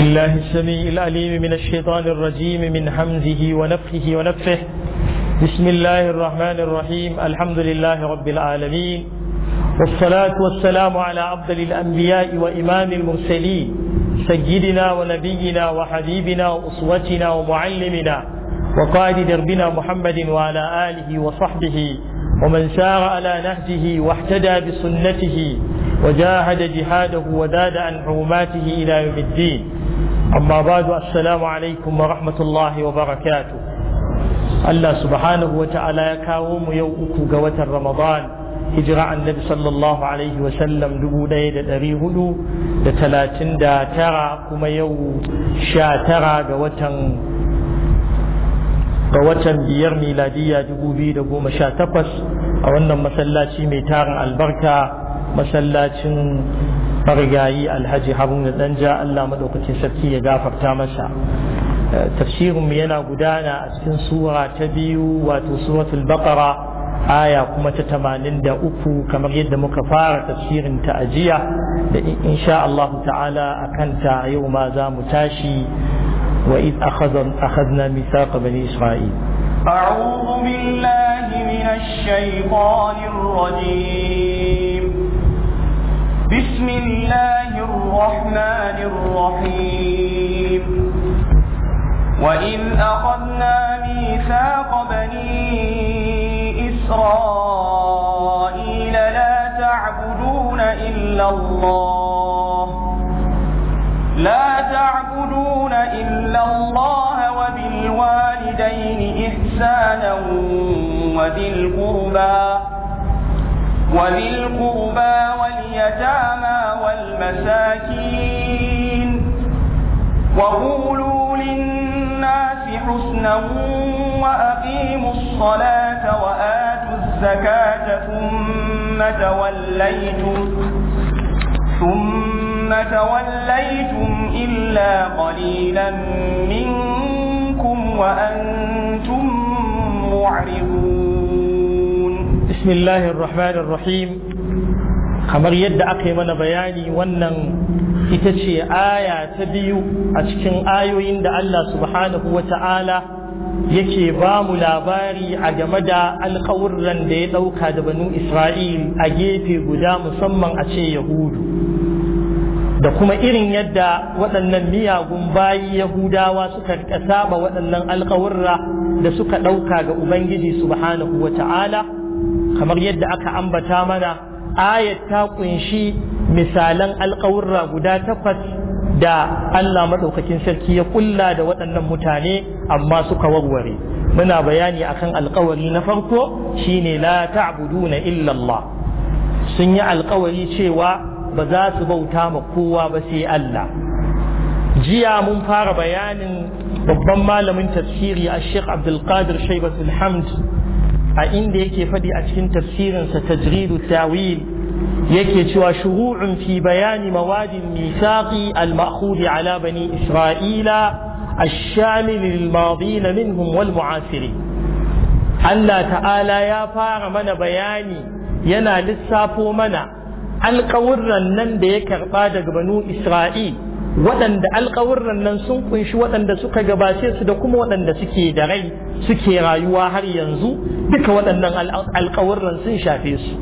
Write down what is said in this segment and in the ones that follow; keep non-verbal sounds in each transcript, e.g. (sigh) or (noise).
بالله السميع العليم من الشيطان الرجيم من حمزه ونفخه ونفخه بسم الله الرحمن الرحيم الحمد لله رب العالمين والصلاة والسلام على أفضل الأنبياء وإمام المرسلين سيدنا ونبينا وحبيبنا وأسوتنا ومعلمنا وقائد دربنا محمد وعلى آله وصحبه ومن سار على نهجه واهتدى بسنته وجاهد جهاده وداد عن حرماته إلى يوم الدين أما بعد السلام عليكم ورحمة الله وبركاته الله سبحانه وتعالى يكاوم يوؤك قوة رمضان هجرة النبي صلى الله عليه وسلم دبو دايد أبي هدو دتلاتن دا ترى كما يو شا ترى قوة ga watan biyar miladiya dubu biyu da goma sha takwas a wannan masallaci mai tarin albarka masallacin marigayi alhaji haruna danja allah maɗaukacin sarki ya gafarta masa eh, tafsirinmu yana gudana a cikin sura ta biyu wato suratul baqara aya kuma ta tamanin da uku kamar yadda muka fara tafsirin ta ajiya da insha Allah ta'ala a kanta yau ma za mu tashi wa id akhadna mithaqa bani isra'il أعوذ بالله من الشيطان الرجيم بسم الله الرحمن الرحيم وإذ أخذنا ميثاق بني إسرائيل لا تعبدون إلا الله لا تعبدون إلا الله وبالوالدين إحسانا وذي القربى وذي القربى واليتامى والمساكين وقولوا للناس حسنا وأقيموا الصلاة وآتوا الزكاة ثم توليتم ثم توليتم إلا قليلا منكم وأنتم معرضون بسم الله الرحمن الرحيم kamar yadda aka yi mana bayani wannan ita ce aya ta biyu a cikin ayoyin da Allah subhanahu wa ta'ala yake ba mu labari a game da alkawurran da ya ɗauka da banu Isra'il a gefe guda musamman a ce Yahudu da kuma irin yadda waɗannan miyagun bayi Yahudawa suka saba waɗannan alkawurra da suka ɗauka ga Ubangiji subhanahu wa ta'ala kamar yadda aka ambata mana ayat ta kunshi misalan alƙawurra guda takwas da Allah maɗaukakin sarki ya kulla da waɗannan mutane amma suka warware muna bayani akan alƙawari na farko shine la ta'buduna na illallah. sun yi alƙawari cewa ba za su bauta ma kowa ba sai Allah jiya mun fara bayanin babban malamin tafsiri a Sheikh Abdul Qadir Shaibatul Hamd a inda yake faɗi a cikin tafsirinsa tajridu tawil yake cewa shuru'un fi bayani mawadin misaqi al-ma'khudi ala bani isra'ila الشامل wal منهم والمعاصرين Allah ta'ala ya fara mana bayani yana lissafo mana alƙawurran nan da ya karɓa daga banu Isra'il waɗanda alƙawurran nan sun kunshi waɗanda suka gabace su da kuma waɗanda suke da rai suke rayuwa har yanzu duka waɗannan alƙawurran sun shafe su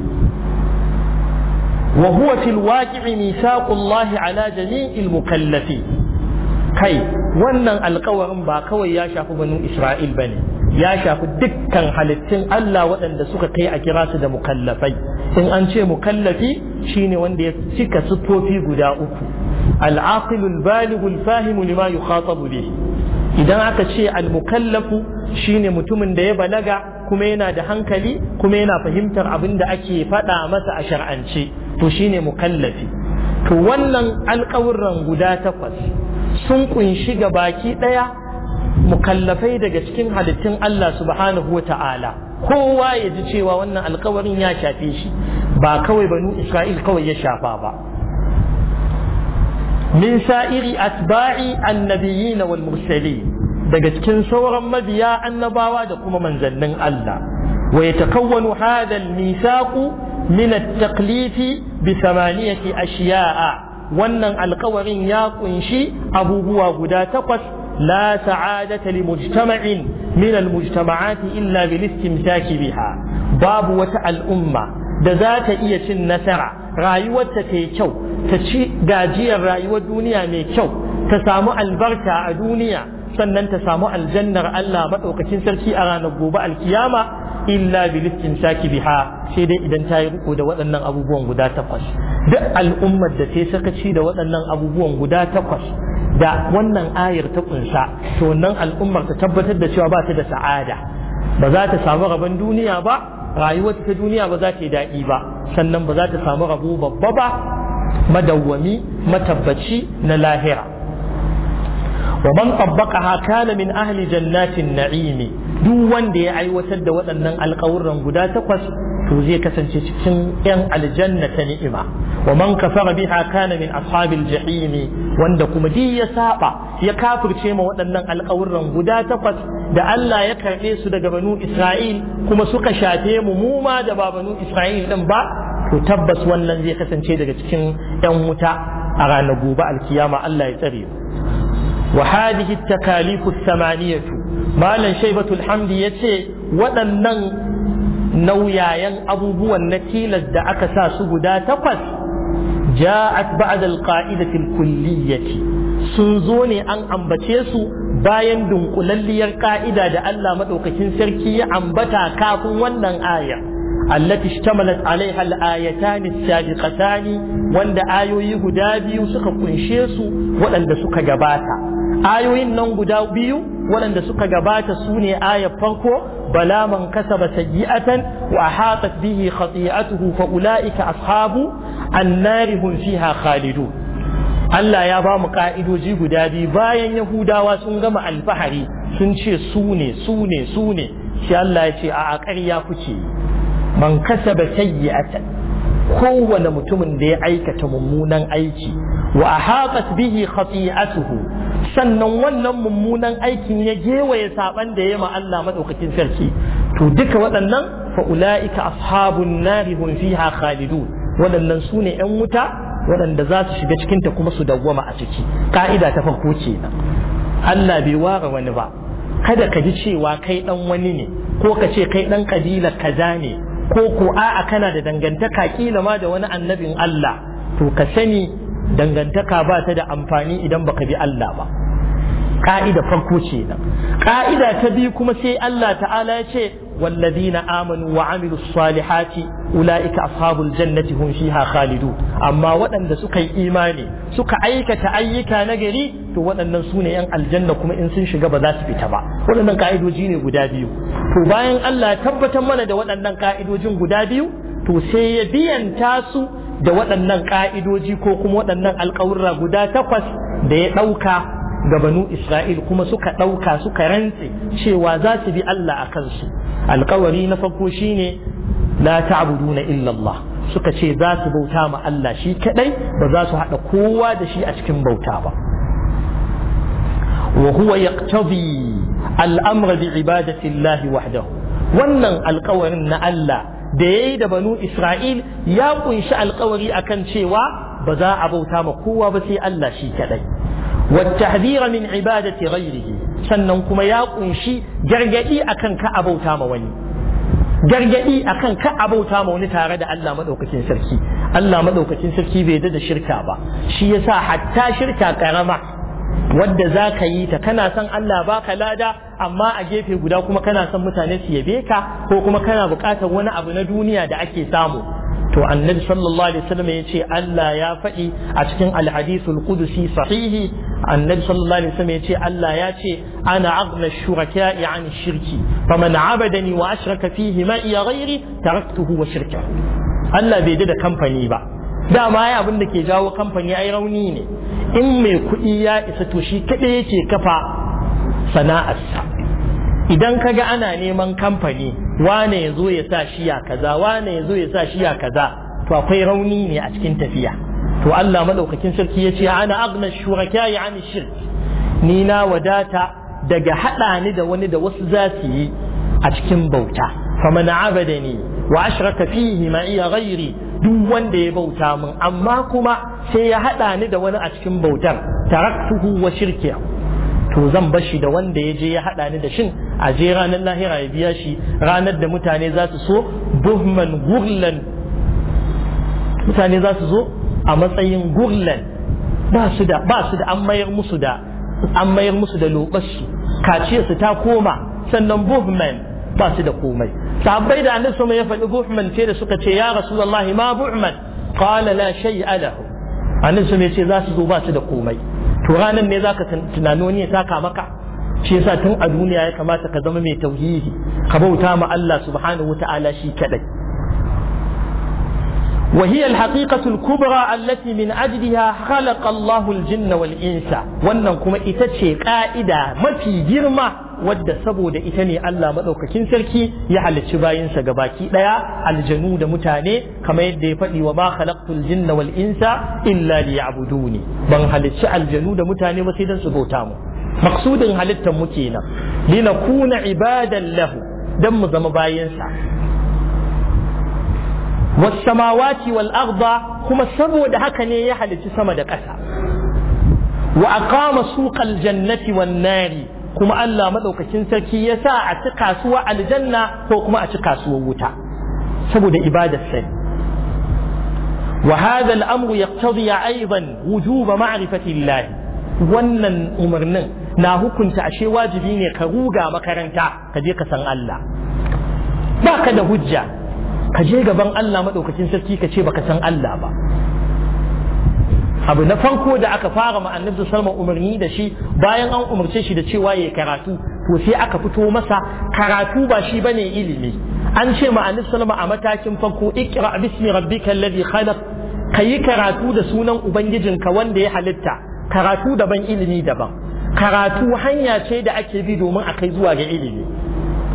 wa huwa fil waqi'i misaqullahi ala jami'il mukallafi kai wannan alƙawarin ba kawai ya shafi banu Isra'il bane ya shafi dukkan halittun Allah waɗanda suka kai a kira su da mukallafai in an ce mukallafi shine wanda ya cika siffofi guda uku العاقل البالغ الفاهم لما يخاطب به idan aka ce almukallafu shine mutumin da ya balaga kuma yana da hankali kuma yana fahimtar abin da ake faɗa masa a shar'ance to shine mukallafi to wannan alƙawurran guda takwas sun kunshi ga baki ɗaya mukallafai daga cikin halittun Allah subhanahu wa ta'ala kowa ya ji cewa wannan alƙawarin ya shafe shi ba kawai banu Isra'il kawai ya shafa ba min sa'iri atba'i annabiyina wal mursalin daga cikin sauran mabiya annabawa da kuma manzannin Allah wa yatakawwanu hadha al-misaqu min at-taqlifi bi thamaniyati ashiya'a wannan alkawarin ya kunshi abubuwa guda takwas la sa'adata li mujtama'in min al-mujtama'ati illa bil istimsaki biha babu wata al'umma da za ta iya cin nasara rayuwarta ta yi kyau ta ci gajiyar rayuwar duniya mai kyau ta samu albarka a duniya sannan ta samu aljannar Allah maɗaukacin sarki a ranar gobe alkiyama illa bilistin shaki biha sai dai idan ta yi riko da waɗannan abubuwan guda takwas duk al'ummar da ta sakaci da waɗannan abubuwan guda takwas da wannan ayar ta kunsa to nan al'ummar ta tabbatar da cewa ba ta da sa'ada ba za ta samu rabon duniya ba rayuwar ta duniya ba za ta yi daɗi ba sannan ba za ta samu rabo babba ba madawwami matabbaci na lahira wa man tabbaqaha kana min ahli jannatin na'imi duk wanda ya aiwatar da waɗannan alƙawuran guda takwas to zai kasance cikin yan aljanna ta ni'ima wa man kafara biha kana min ashabil jahim wanda kuma di ya saba ya kafirce ma waɗannan alƙawurran guda takwas da Allah ya karɓe su daga banu Isra'il kuma suka shafe mu mu ma da ba banu Isra'il din ba to tabbas wannan zai kasance daga cikin yan wuta a ranar gobe alkiyama Allah ya tsare wa hita at-takalif ath-thamaniyah malam shaibatul waɗannan nauyayen abubuwan na tilas da aka sa su guda takwas ja'at ba'da alqa'idatil kulliyyati sun zo ne an ambace su bayan dunkulalliyar ka'ida da Allah madaukakin sarki ya ambata kafin wannan aya allati ishtamalat alaiha al-ayatan as-sabiqatan wanda ayoyi guda biyu suka kunshe su waɗanda suka gabata ayoyin nan guda biyu waɗanda suka gabata su ne ayar farko bala man kasaba sayyi'atan wa ahatat bihi khati'atuhu fa ulaika ashabu annari hum fiha khalidu Allah ya ba mu ka'idoji guda biyu bayan Yahudawa sun gama alfahari sun ce su ne su ne su ne shi Allah ya ce a ƙarya kuke man kasaba sayyi'atan kowane mutumin da ya aikata mummunan aiki wa ahatat bihi sannan wannan mummunan aikin ya gewaye saban da ya ma Allah madaukakin sarki to duka waɗannan fa ulaika ashabun nari hum fiha khalidun waɗannan su ne ‘yan wuta waɗanda za su shiga cikinta kuma su dawwama a ciki ka'ida ta farko kenan Allah bai ware wani ba kada ka ji cewa kai ɗan wani ne ko ka ce kai ɗan kabila kaza ne ko ko a'a kana da dangantaka kila ma da wani annabin Allah to ka sani dangantaka ba ta da amfani idan baka bi Allah ba ka'ida farko ce nan ka'ida ta biyu kuma sai Allah ta'ala ya ce wallazina amanu wa amilu salihati ula'ika ashabul jannati hum fiha khalidu amma waɗanda suka yi imani suka aikata ayyuka na gari to waɗannan su ne yan aljanna kuma in sun shiga ba za su fita ba waɗannan ka'idoji ne guda biyu to bayan Allah ya tabbatar mana da waɗannan ka'idojin guda biyu to sai ya biyanta su da waɗannan ƙa'idoji ko kuma waɗannan alƙawurra guda takwas da ya ɗauka ga banu Isra'il kuma suka ɗauka suka rantse cewa za su bi Allah a kansu alƙawari na farko shine la ta'buduna illa Allah suka ce za su bauta ma Allah shi kadai ba za su haɗa kowa da shi a cikin bauta ba wa huwa yaqtadi al'amra bi ibadati Allah wahdahu wannan alƙawarin na Allah da yayi da banu Isra'il ya kunshi alkawari akan cewa ba za a bauta ma kowa ba sai Allah shi kadai wata tahdhira min ibadati ghayrihi sannan kuma ya kunshi gargadi akan ka a bauta ma wani gargadi akan ka a bauta ma wani tare da Allah maɗaukacin sarki Allah maɗaukacin sarki bai da shirka ba shi yasa hatta shirka karama wadda za ka yi ta kana son Allah ba ka lada amma a gefe guda kuma kana son mutane su yabe ka ko kuma kana buƙatar wani abu na duniya da ake samu to annabi sallallahu alaihi wasallam ya ce Allah ya faɗi a cikin alhadisul qudusi sahihi annabi sallallahu alaihi wasallam ya ce Allah ya ce ana aghna shuraka'i an shirki faman abadani wa ashraka fihi ma iya ghairi taraktuhu wa shirka Allah bai da kamfani ba dama ya abin da ke jawo kamfani ya yi rauni ne in mai kuɗi ya isa to shi kaɗai yake kafa sana'arsa idan ka ga ana neman kamfani wane ya zo ya sa shiya kaza wane ya zo ya sa shiya kaza to akwai rauni ne a cikin tafiya to Allah madaukakin sarki ya ce ana agna shuraka ya ani shirk ni na wadata daga haɗa ni da wani da wasu za su yi a cikin bauta faman abadani wa ashraka fihi ma iya ghairi duk wanda ya bauta min amma kuma sai ya haɗa ni da wani a cikin bautar taraktuhu wa shirkiya to zan bashi da wanda ya je ya haɗa ni da shin a je ranar lahira ya biya shi ranar da mutane za su so buhman gurlan mutane za su zo a matsayin gurlan ba su da ba su da an mayar musu da an mayar musu da lokaci kaciyarsu ta koma sannan buhman ba su da komai sahabbai da annabi sama ya faɗi buhman ce da suka ce ya rasulullahi ma buhman qala la shay'a lahu annabi sama ce za su zo ba su da komai to ranan ne zaka tunani wani ya taka maka shi yasa tun a duniya ya kamata ka zama mai tauhidi ka bauta ma Allah subhanahu wata'ala shi kadai وهي الحقيقة الكبرى التي من أجلها خلق الله الجن والإنس وأنكم إتشي قائدة ما في جرمة wadda saboda ita ne Allah maɗaukakin sarki ya halicci bayinsa ga baki ɗaya aljanu da mutane kamar yadda ya faɗi wa ma khalaqtul jinna wal insa illa liya'buduni ban halicci aljanu da mutane ba sai dan su bauta mu maksudin halittar mu kenan linakuna ibadan lahu dan mu zama bayinsa was samawati wal arda kuma saboda haka ne ya halicci sama da ƙasa wa aqama suqal jannati wan kuma Allah maɗaukakin sarki ya sa a ci kasuwa aljanna ko kuma a ci kasuwar wuta saboda ibadar sai wa hadha al-amru yaqtadi aidan wujuba ma'rifati Allah wannan umarnin na hukunta ashe wajibi ne ka ruga makaranta ka je ka san Allah ba ka da hujja ka je gaban Allah madaukakin sarki ka ce baka san Allah ba abu na farko da aka fara ma annabi salma umarni da shi bayan an umarce shi da cewa ya karatu to sai aka fito masa karatu ba shi bane ilimi an ce ma annabi salma a matakin farko ikra bismi rabbika alladhi khalaq kayi karatu da sunan ubangijinka wanda ya halitta karatu daban ilimi daban karatu hanya ce da ake bi domin a kai zuwa ga ilimi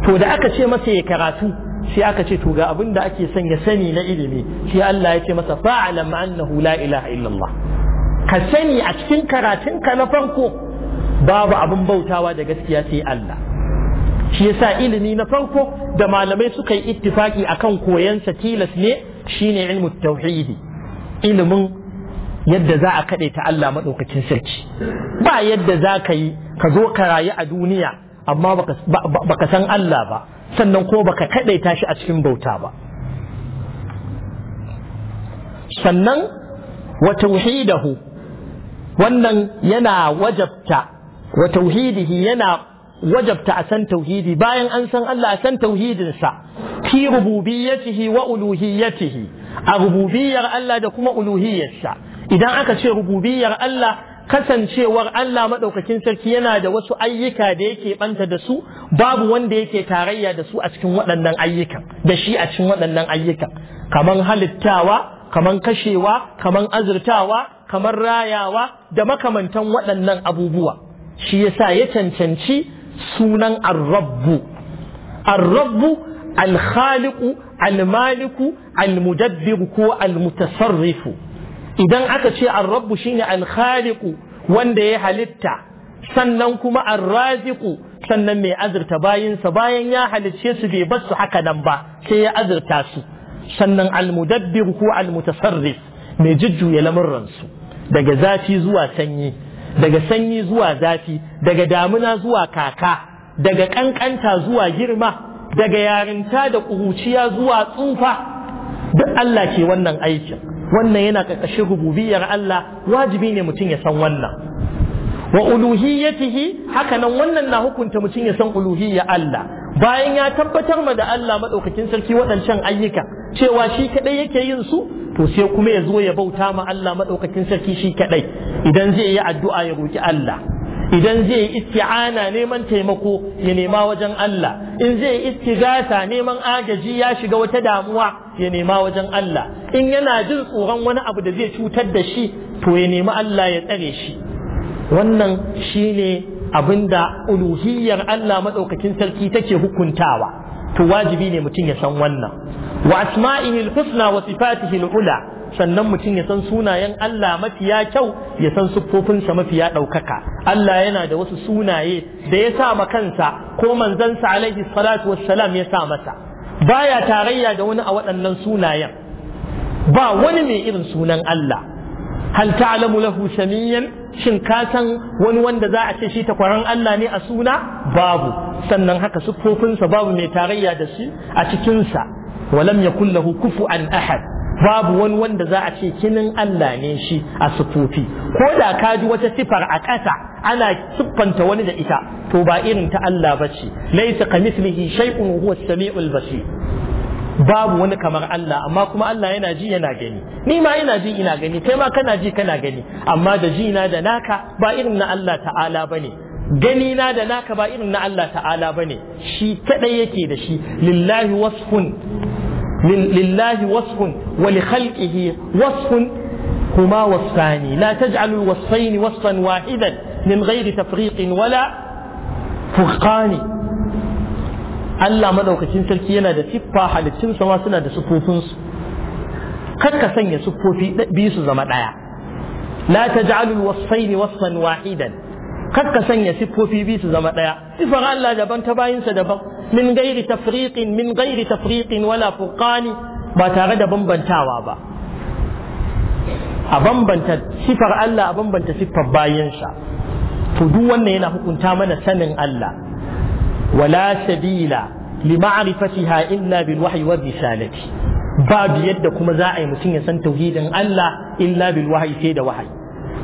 to da aka ce masa ya karatu sai aka ce to ga abin da ake son ya sani na ilimi sai Allah ya ce masa fa'alam annahu la ilaha illallah ka sani a cikin karatunka na farko babu abin bautawa da gaskiya sai Allah shi yasa ilimi na farko da malamai suka yi ittifaki akan koyansa tilas ne shine ilmu tauhidi ilimin yadda za a kaɗe ta Allah maɗaukacin sarki ba yadda za ka yi ka zo ka rayu a duniya amma baka san Allah ba sannan ko baka kaɗe ta shi a cikin bauta ba sannan wa tauhidahu wannan yana wajabta wa tauhidihi yana wajabta a san tauhidi bayan an san Allah a san tauhidinsa fi rububiyyatihi wa uluhiyyatihi a rububiyar Allah da kuma uluhiyyarsa idan aka ce rububiyar Allah kasancewar Allah maɗaukakin sarki yana da wasu ayyuka da yake ɓanta da su babu wanda yake tarayya da su a cikin waɗannan ayyukan da shi a cikin waɗannan ayyukan kaman halittawa kaman kashewa kaman azurtawa kamar rayawa da makamantan waɗannan abubuwa shi yasa ya cancanci sunan arrabbu arrabbu alkhaliku almaliku almudabbiru ko almutasarrifu idan aka ce arrabbu shine alkhaliku wanda ya halitta sannan kuma arraziku sannan mai azurta bayinsa bayan ya halicce su bai bar su haka nan ba sai ya azurta su sannan almudabbir ko almutasarrif mai jujjuya lamurransu daga zafi zuwa sanyi daga sanyi zuwa zafi daga damuna zuwa kaka daga ƙanƙanta zuwa girma daga yarinta da ƙuruciya zuwa tsufa duk Allah ke wannan aikin wannan yana ƙarƙashin rububiyar Allah wajibi ne mutum ya san wannan wa uluhiyatihi haka nan wannan na hukunta mutum ya san uluhiyya Allah bayan ya tabbatar ma da Allah madaukakin sarki waɗancan ayyuka cewa shi kadai yake yin su to sai kuma ya zo ya bauta ma Allah madaukakin sarki shi kadai idan zai yi addu'a ya roki Allah idan zai yi isti'ana neman taimako ya nema wajen Allah in zai yi istigasa neman agaji ya shiga wata damuwa ya nema wajen Allah in yana jin tsoron wani abu da zai cutar da shi to ya nemi Allah ya tsare shi wannan shine abinda uluhiyyar Allah madaukakin sarki take hukuntawa to wajibi ne mutum ya san wannan wa asma'ihi al-husna wa sifatihi al-ula sannan mutum ya san sunayen Allah mafiya kyau ya san siffofinsa mafiya ɗaukaka Allah yana da wasu sunaye da ya sa ma kansa ko manzansa alaihi salatu wassalam ya sa masa baya tarayya da wani a waɗannan sunayen ba wani mai irin sunan Allah Halta alamulahu, samiyan shin ka wani wanda za a ce shi takwaran Allah ne a suna babu sannan haka siffofinsa babu mai tarayya da shi a cikinsa walam yakul lahu kufu'an ahad babu wani wanda za a ce kinin Allah ne shi a siffofi ko da kaji wata sifar a ƙasa ana siffanta wani da ita to ba irin ta Allah bace laysa kamithlihi shay'un huwa as-sami'ul basir babu wani kamar Allah amma kuma Allah yana ji yana gani ni ma ina ji ina gani kai ma kana ji kana gani amma da ji na da naka ba irin na Allah ta'ala bane gani na da naka ba irin na Allah ta'ala bane shi kadai yake da shi lillahi wasfun lillahi wasfun wa li khalqihi wasfun huma wasfani la taj'alu wasfaini wasfan wahidan min ghairi tafriqin wala furqani Allah madaukakin sarki yana da siffa halittun sama suna da siffofinsu. kar ka sanya siffofi biyu su zama daya la taj'alul wasfayn wasfan wahidan kar ka sanya siffofi biyu su zama ɗaya. sifar Allah daban ta bayinsa daban min gairi tafriqin min gairi tafriqin wala furqani ba tare da bambantawa ba a bambanta sifar Allah a bambanta siffar bayansa to duk wannan yana hukunta mana sanin Allah wala sabila li ma'rifatiha illa bil wahyi wa risalati babu yadda kuma za a yi mutum ya san tauhidin Allah illa bil sai da wahayi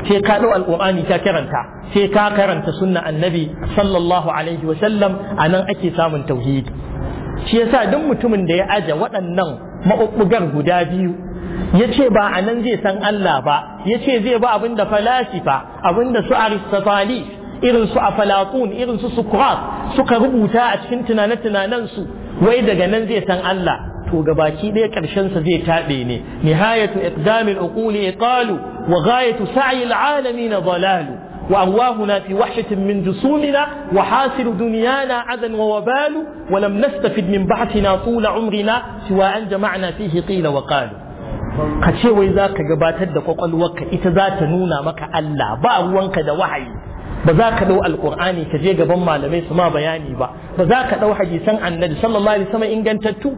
sai ka ɗau alƙur'ani ka karanta sai ka karanta sunna annabi sallallahu alaihi wa sallam a nan ake samun tauhidi shi yasa duk mutumin da ya aje waɗannan maɓuɓɓugar guda biyu ya ce ba a nan zai san Allah ba ya ce zai ba abin da falasifa abin da su aristotali irin su afalatun irin su sukrat suka rubuta a cikin tunane-tunanen su wai daga nan zai san Allah to gabaki ɗaya ƙarshen sa zai taɓe ne nihayatu iqdamil uquli iqalu wa ghayatu sa'i alalamin dalalu wa arwahuna fi wahshatin min jusumina wa hasil dunyana adan wa wabalu wa lam nastafid min ba'thina tul umrina siwa an jama'na fihi qila wa qalu ka ce wai zaka gabatar da kwakwalwarka ita za ta nuna maka Allah ba ruwanka da wahayi ba za ka dau alqur'ani ka je gaban malamai su ma bayani ba ba za ka dau hadisan annabi sallallahu alaihi wasallam ingantattu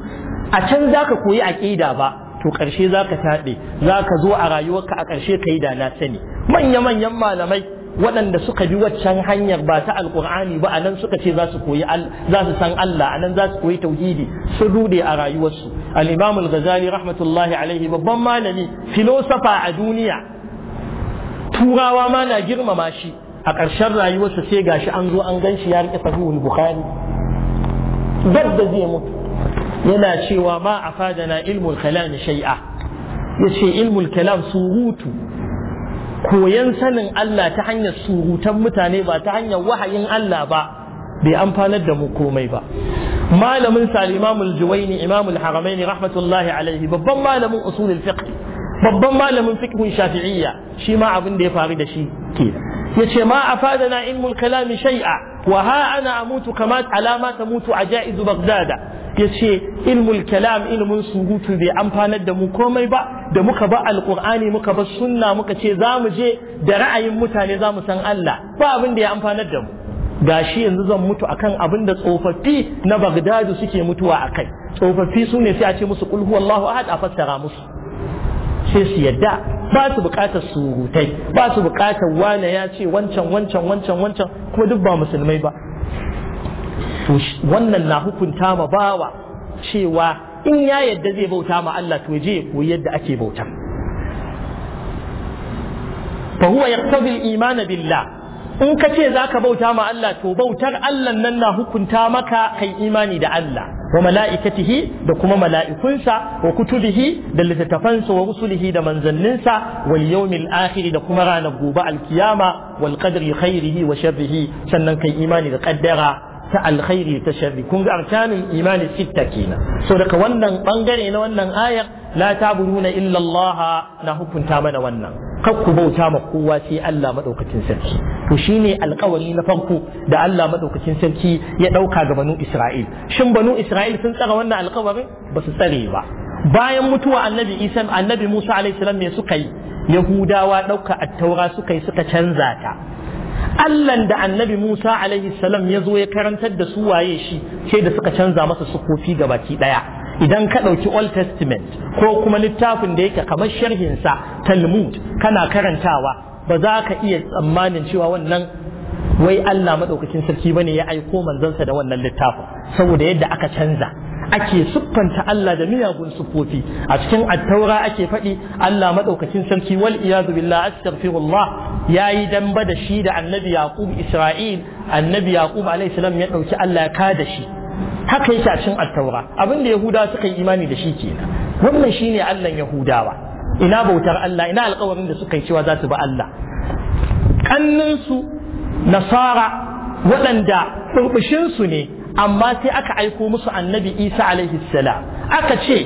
a can za ka koyi aqida ba to ƙarshe za ka taɗe za ka zo a rayuwarka a ƙarshe ka yi da na sani manya-manyan malamai waɗanda suka bi waccan hanyar ba ta alƙur'ani ba anan suka ce za su koyi za su san Allah anan zasu za su koyi tauhidi Su rude a rayuwarsu al-imam al-ghazali rahmatullahi alaihi babban malami filosofa a duniya turawa ma na girmama shi a ƙarshen rayuwarsa sai gashi an zo an ganshi ya riƙe sahihul bukhari da zai mutu yana cewa ma a fadana ilmul kalam shay'a yace ilmul kalam surutu koyan sanin Allah ta hanyar surutan mutane ba ta hanyar wahayin Allah ba bai amfanar da mu komai ba malamin Salimamul juwaini imamul haramaini rahmatullahi alaihi babban malamin usulul fiqh babban malamin fiqhun shafi'iyya shi ma abin da ya faru da shi kenan yace ma afadana ilmul kalami shay'a wa ha ana amutu kama alama ta mutu a ja'izu bagdada yace ilmul kalam ilmun surutu bai amfanar da mu komai ba da muka ba alqur'ani muka ba sunna muka ce za mu je da ra'ayin mutane za mu san Allah ba abin da ya amfanar da mu gashi yanzu zan mutu akan abin da tsofaffi na bagdadu suke mutuwa akai tsofaffi su ne sai a ce musu kul huwallahu ahad a fassara musu sai su yadda ba su bukatar surutai ba su bukatar wane ya ce wancan wancan wancan wancan kuma duk ba musulmai ba wannan na hukunta ma bawa cewa in ya yadda zai bauta ma Allah to je ya koyi yadda ake bauta fa huwa yaqtabi al billah in ka ce za ka bauta ma Allah to bautar Allah nan na hukunta maka kai imani da Allah wa mala'ikatihi da kuma mala'ikunsa wa kutubihi da littattafansa wa rusulihi da manzanninsa wal yawmil akhir da kuma ranar gobe alkiyama wal qadri khairihi wa sharrihi sannan kai imani da kaddara ta alkhairi ta sharri kun ga arkanin imani sitta kenan so daga wannan bangare na wannan ayar la ta'buduna illa Allah na hukunta mana wannan kar ku bauta ma kowa sai Allah madaukakin sarki to shine alƙawari na farko da Allah madaukakin sarki ya dauka ga banu Isra'il shin banu Isra'il sun tsara wannan alƙawarin ba su tsare ba bayan mutuwa annabi Isa annabi Musa alaihi salam me suka yi Yahudawa dauka attaura suka yi suka canza ta Allahn da annabi Musa alaihi salam ya zo ya karantar da su waye shi sai da suka canza masa sukofi ga baki daya idan ka ɗauki old testament ko kuma littafin da yake kamar sharhinsa talmud kana karantawa ba za ka iya tsammanin cewa wannan wai Allah maɗaukacin sarki ba ne ya aiko manzansa da wannan littafin saboda yadda aka canza ake siffanta Allah da miyagun siffofi a cikin attaura ake faɗi Allah maɗaukacin sarki wal iyadu billah astaghfirullah yayi damba da shi da annabi yaqub isra'il annabi yaqub alayhi salam ya ɗauki Allah ya kada shi haka yake a cikin attaura abin da yahudawa suka yi imani da shi kenan wannan shine allan yahudawa ina bautar allah ina alkawarin da suka yi cewa za su bi allah kanninsu nasara waɗanda burbushinsu ne amma sai aka aiko musu annabi isa alaihi salam aka ce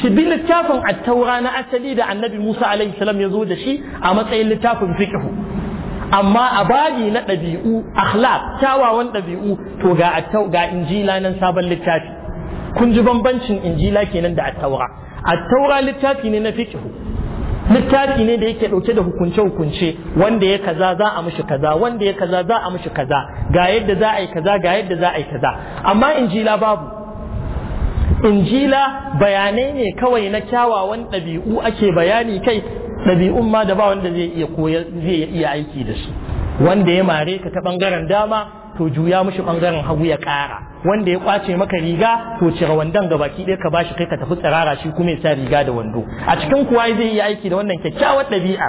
shi bi littafin attaura na asali da annabi musa alaihi salam ya zo da shi a matsayin littafin fiqhu amma a babi na ɗabi'u akhlaq kyawawan ɗabi'u to ga ga injila nan sabon littafi kun ji bambancin injila kenan da attaura attaura littafi ne na fiqh littafi ne da yake dauke da hukunce hukunce wanda ya kaza za a mishi kaza wanda ya kaza za a mishi kaza ga yadda za a yi kaza ga yadda za a yi kaza amma injila babu injila bayanai ne kawai na kyawawan ɗabi'u ake bayani kai ɗabi'un ma da ba wanda zai iya koya zai iya aiki da su wanda ya mare ka ta ɓangaren dama to juya mushi bangaren hagu ya ƙara wanda ya kwace maka riga to cire wandon ga baki ɗaya ka bashi kai ka tafi tsirara shi kuma ya sa riga da wando a cikin kuwa zai iya aiki da wannan kyakkyawar ɗabi'a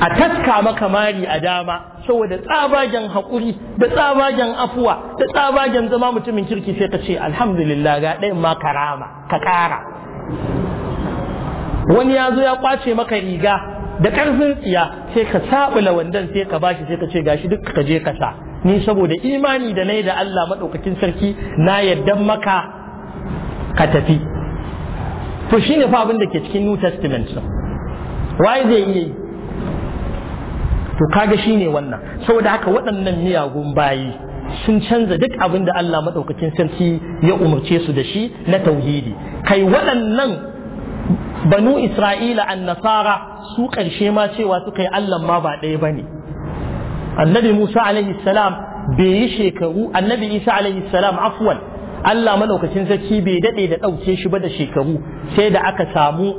a taska maka mari a dama saboda tsabagen hakuri da tsabagen afuwa da tsabagen zama mutumin kirki sai ka ce alhamdulillah ga ɗayan ma karama ka ƙara wani ya zo ya kwace maka riga da karfin tsiya sai ka sabula wandan sai ka bashi sai ka ce gashi duk ka je ka sa ni saboda imani da nayi da Allah madaukakin sarki na yadda maka ka tafi to shine fa abin da ke cikin New Testament Why zai yi to kaga shine wannan saboda haka waɗannan miyagun bayi sun canza duk abin da Allah maɗaukakin sarki ya umarce su da shi na tauhidi kai waɗannan banu isra'ila an nasara su ƙarshe ma cewa suka yi allah ma ba ɗaya ba ne annabi musa alaihi salam bai yi shekaru annabi isa alaihi salam afwan allah malaukacin zaki bai daɗe da ɗauke shi ba da shekaru sai da aka samu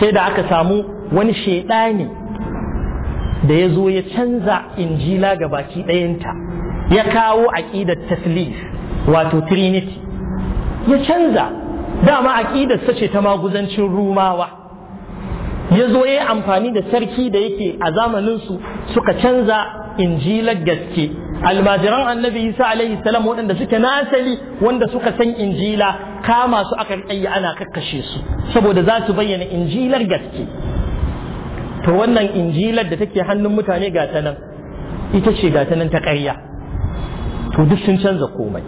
sai da aka samu wani da ya zo ya canza injila ga baki ɗayanta ya kawo aƙidar taslif wato trinity ya canza dama aƙidar ce ta maguzancin rumawa ya zo ya amfani da sarki da yake a zamaninsu suka canza injilar gaske almajiran annabi isa alaihi salam waɗanda suke nasali wanda suka san injila kama su aka yi ana kakkashe su saboda za su bayyana injilar gaske to wannan injilar da take hannun mutane ga nan ita ce ga nan ta ƙarya to duk sun canza komai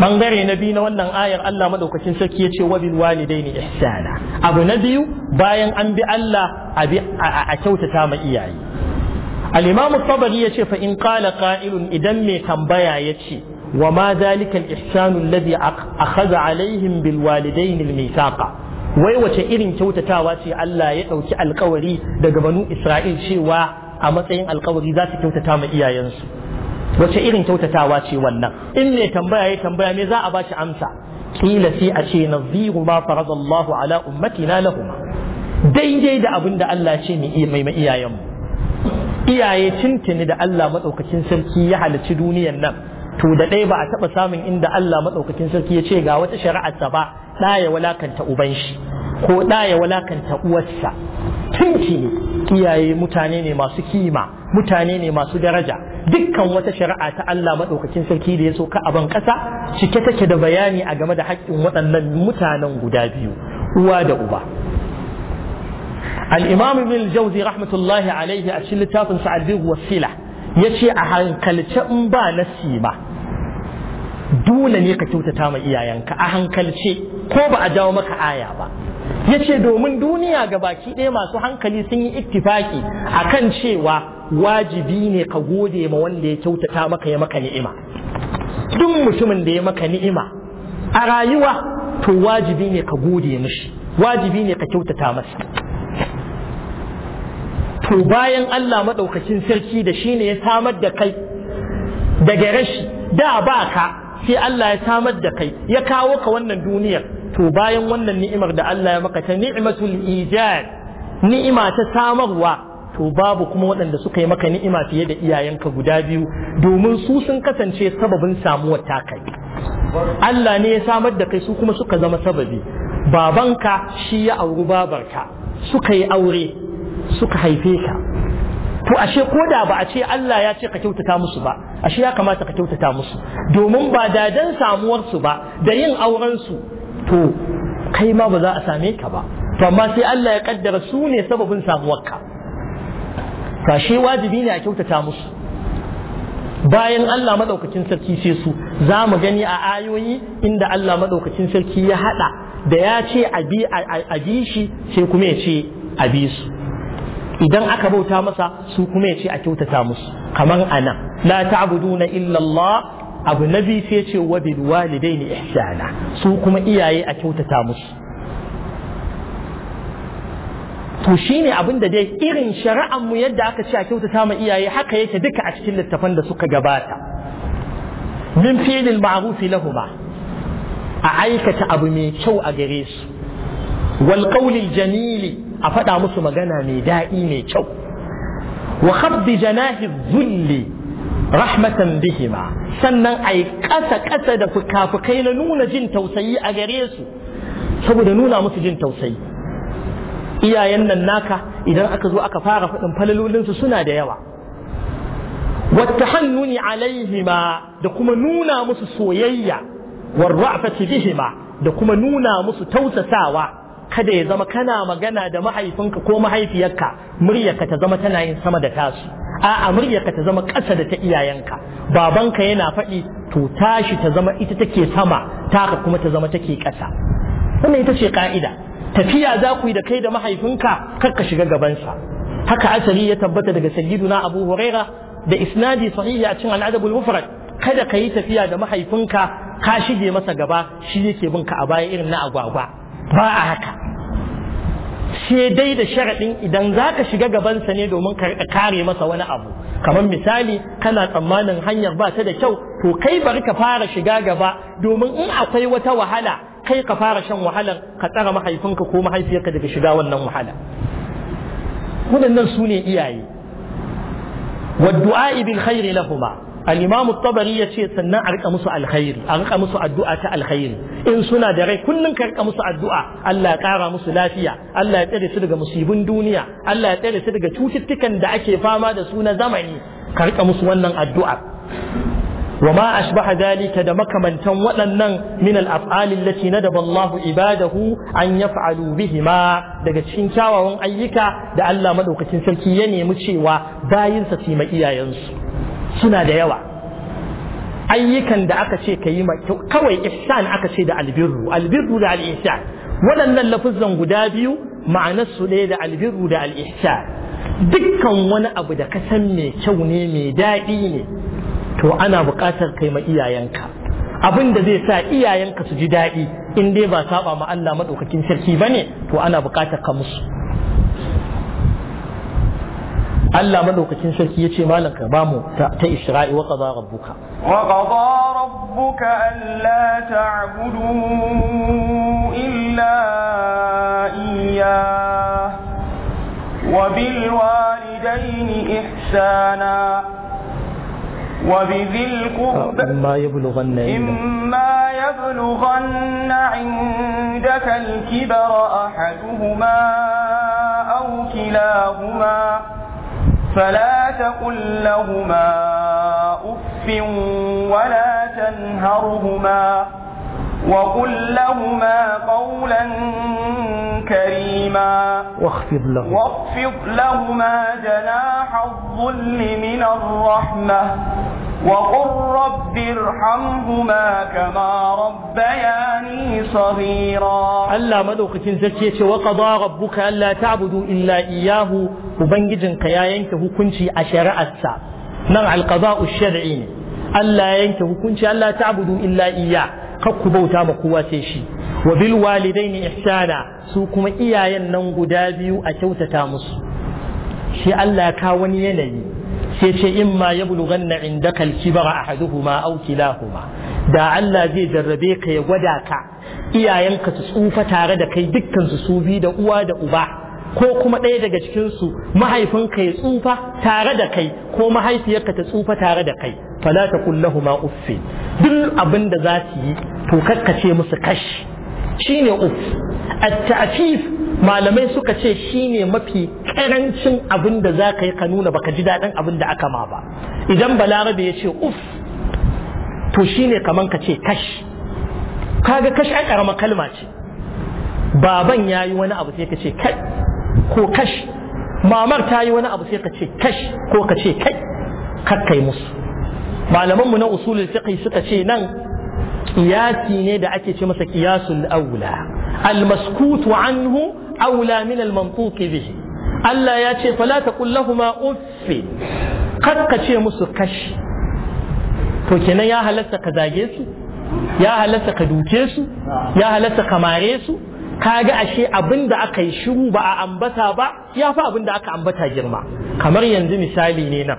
bangare na biyu na wannan ayar Allah maɗaukacin sarki ya ce wa bil walidaini ihsana abu na biyu bayan an bi Allah a kyautata ma iyaye al-imam ya ce fa in qala qa'ilun idan mai tambaya yace wa ma zalika al-ihsanu alladhi akhadha alaihim bil walidaini al wai wace irin kyautatawa ce Allah ya dauki alkawari daga banu Isra'il cewa a matsayin alkawari za su kyautata ma iyayensu wace irin kyautatawa ce wannan in ne tambaya ya tambaya me za a shi amsa kila sai a ce nadhiru ma faradallahu ala ummatina lahum daidai da abin da Allah ce mai mai iyayenmu iyaye tuntuni da Allah madaukakin sarki ya halicci duniyar nan to da ɗaya ba a taɓa samun inda Allah madaukakin sarki ya ce ga wata shari'arsa ba ɗa ya walakanta uban shi ko ɗa ya walakanta uwarsa tuntuni iyaye mutane ne masu kima mutane ne masu daraja dukkan wata shari'a ta Allah maɗaukakin sarki da ya so ka aban ƙasa cike take da bayani a game da haƙƙin waɗannan mutanen guda biyu uwa da uba al-imam ibn al-jawzi rahmatullahi alaihi a cikin littafin sa al wasila yace a hankalce in ba nasi ba dole ne ka kyautata ma iyayenka a hankalce ko ba a jawo maka aya ba Yace domin duniya ga baki ɗaya masu hankali sun yi ittifaki a kan cewa wajibi ne ka gode ma wanda ya kyautata maka ya maka ni'ima duk mutumin da ya maka ni'ima a rayuwa to wajibi ne ka gode mishi wajibi ne ka kyautata masa to bayan Allah maɗaukacin sarki da shi ne ya samar da kai daga rashi da ba ka sai Allah ya samar da kai ya kawo ka wannan duniyar to bayan wannan ni'imar da Allah ya maka ta ni'matul ijad ni'ima ta samarwa to babu kuma waɗanda suka yi maka ni'ima fiye da iyayenka guda biyu domin su sun kasance sababin samuwar ta kai Allah ne ya samar da kai su kuma suka zama sababi babanka shi ya auri babarka suka yi aure suka haife ka to ashe ko da ba a ce Allah ya ce ka kyautata musu ba ashe ya kamata ka kyautata musu domin ba da dan samuwar su ba da yin auren su to kai ma ba za a same ka ba to amma sai Allah ya kaddara su ne sababin samuwarka kashe wajibi ne a kyautata musu bayan Allah madaukakin sarki sai su za mu gani a ayoyi inda Allah madaukakin sarki ya hada da ya ce a bi shi sai kuma ya ce a bi su idan aka bauta masa su kuma ya ce a kyautata musu kamar anan la ta'buduna illa Allah abu na biyu sai ce wa bil walidaini ihsana su kuma iyaye a kyautata musu to shine abin da dai irin shari'ar mu yadda aka ce a kyautata ma iyaye haka yake duka a cikin littafan da suka gabata min fi'lil ma'ruf lahuma a aikata abu mai kyau a gare su wal qawlil jamili a faɗa musu magana mai daɗi mai kyau wa khabdi janahi dhulli rahmatan bihima sannan ai kasa kasa da fukafukai na nuna jin tausayi a gare su saboda nuna musu jin tausayi iyayen nan naka idan aka zo aka fara faɗin falalolinsu suna da yawa wata hannuni alaihima da kuma nuna musu soyayya warra'fati bihima da kuma nuna musu tausasawa kada ya zama kana magana da mahaifinka ko mahaifiyarka muryarka ta zama tana yin sama da tasu a'a muryarka ta zama ƙasa da ta iyayenka babanka yana faɗi to tashi ta zama ita take sama taka kuma ta zama take ƙasa wannan ita ce ka'ida tafiya za ku yi da kai da mahaifinka kar ka shiga gabansa haka asali ya tabbata daga sayyiduna abu huraira da isnadi sahihi a cikin al'adabul mufrad kada ka yi tafiya da mahaifinka ka shige masa gaba shi yake bin a baya irin na agwagwa ba a haka shedai dai da sharaɗin idan za ka shiga gabansa ne domin kare masa wani abu kamar misali kana tsammanin hanyar ba ta da kyau to kai bari ka fara shiga gaba domin in akwai wata wahala kai ka fara shan wahalar ka tsara mahaifinka ko mahaifiyarka daga shiga wannan wahala waɗannan su ne iyaye wa du'a bil khairi lahuma al-imam at-tabari sannan a rika musu alkhairi a rika musu addu'a ta alkhairi in suna da rai kullun ka rika musu addu'a Allah ya kara musu lafiya Allah ya tsare su daga musibin duniya Allah ya tsare su daga cututtukan da ake fama da su na zamani ka rika musu wannan addu'a wa ma ashbaha dalika da makamantan waɗannan min al-af'al allati nadaba Allah ibadahu an yaf'alu bihima daga cikin kyawawan ayyuka da Allah madaukakin sarki ya nemi cewa bayinsa su ma iyayensu suna da yawa ayyukan da aka ce ka yi kawai ihsan aka ce da albirru albirru da al'ihsan waɗannan lafuzan guda biyu ma'anarsu ɗaya da albirru da al'ihsan dukkan wani abu da ka san mai kyau ne mai daɗi ne to ana buƙatar kai ma iyayenka abin da zai sa iyayenka su ji daɗi in dai ba saba ma Allah maɗaukakin sarki ba ne to ana buƙatar ka musu Allah madaukakin sarki yace malam ka ba mu ta Isra'i wa qada rabbuka wa qada rabbuka alla ta'budu illa iyya wa bil walidayni ihsana وبذي القرب إما يبلغن إما يبلغن عندك الكبر أحدهما أو كلاهما فلا تقل لهما أف ولا تنهرهما وقل لهما قولا كريما واخفض لهما, واخفض لهما جناح الظل من الرحمة وقل رب ارحمهما كما ربياني صغيرا الله مدوكتين زكية وقضى ربك ألا تعبدوا إلا إياه وبنجد قياين كهكنشي أشرع السا نرع القضاء الشرعي ألا ينكه كنشي ألا تعبدوا إلا إياه kakku bauta ma kowa sai shi wa bil walidaini ihsana su kuma iyayen nan guda biyu a kyautata musu shi Allah ka wani yanayi sai ce in ma ya bulughanna indaka al-kibara ahaduhuma aw kilahuma da Allah zai jarrabe ka ya gwada ka iyayenka su tsufa tare da kai dukkan su su bi da uwa da uba ko kuma ɗaya daga cikin su mahaifinka ya tsufa tare da kai ko mahaifiyarka ta tsufa tare da kai fala taqul lahumu uffi duk abin da za su yi to kakkace musu kashi shine uf. A tafif malamai suka ce shine mafi karancin abin da za ka yi ka nuna baka ji daɗin abin da aka ma ba idan balarabe ya ce uf to shine kaman ka ce kash kaga kash an karama kalma ce baban ya yi wani abu sai ka ce kai ko kash mamar ta yi wani abu sai ka ce kash ko ka ce kai kakkai musu malamanmu na usulul fiqh suka ce nan kiyasi ne da ake ce masa kiyasul aula almaskutu anhu aula min almantuqi bihi Allah ya ce fala taqul lahumu uffi kar ka ce musu kashi to kenan ya halatta ka zage su ya halatta ka duke su ya halatta ka mare su kaga ashe abinda aka yi shiru ba a ambata ba ya fa abinda aka ambata girma kamar yanzu misali ne nan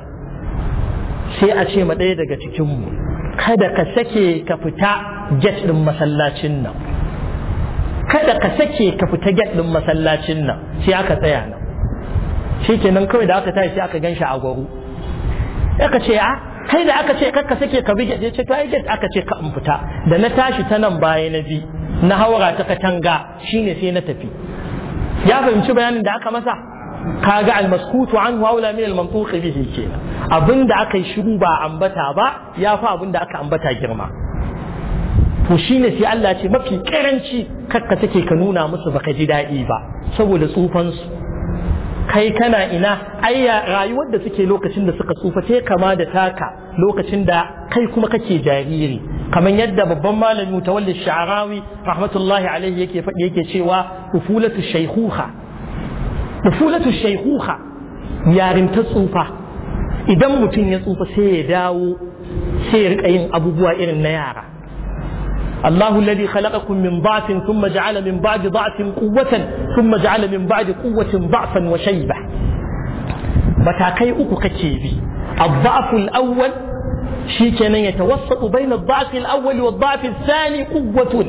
sai a ce ma ɗaya daga cikin mu kada ka sake ka fita get ɗin masallacin nan kada ka sake ka fita get ɗin masallacin nan sai aka tsaya nan shi kenan kawai da aka tashi sai aka gan shi a gwaru aka ce a ah, kai da aka ce kakka sake ka bi get ya ce to ai get aka ce ka in fita da na tashi ta nan baya na bi na haura ta katanga shine sai na tafi ya fahimci bayanin da aka masa kaga almaskutu anhu aula min almantuq bihi ke abinda aka yi shiru ba ambata ba ya fa abinda aka ambata girma to shine sai Allah ce mafi karanci kakka take ka nuna musu baka ji daɗi ba saboda tsufan su kai kana ina ai rayuwar da suke lokacin da suka tsufa ce kama da taka lokacin da kai kuma kake jariri kamar yadda babban malami mutawalli sha'arawi rahmatullahi alaihi yake faɗi yake cewa ufulatu shaykhuha nufulatu shaikuha yarinta tsufa idan mutum ya tsufa sai ya dawo sai ya rika yin abubuwa irin na yara Allahu alladhi khalaqakum min dha'fin thumma ja'ala min ba'di dha'fin quwwatan thumma ja'ala min ba'di quwwatin dha'fan wa shayba matakai uku kake bi الضعف الأول شيء كان يتوسط بين الضعف الأول والضعف الثاني قوة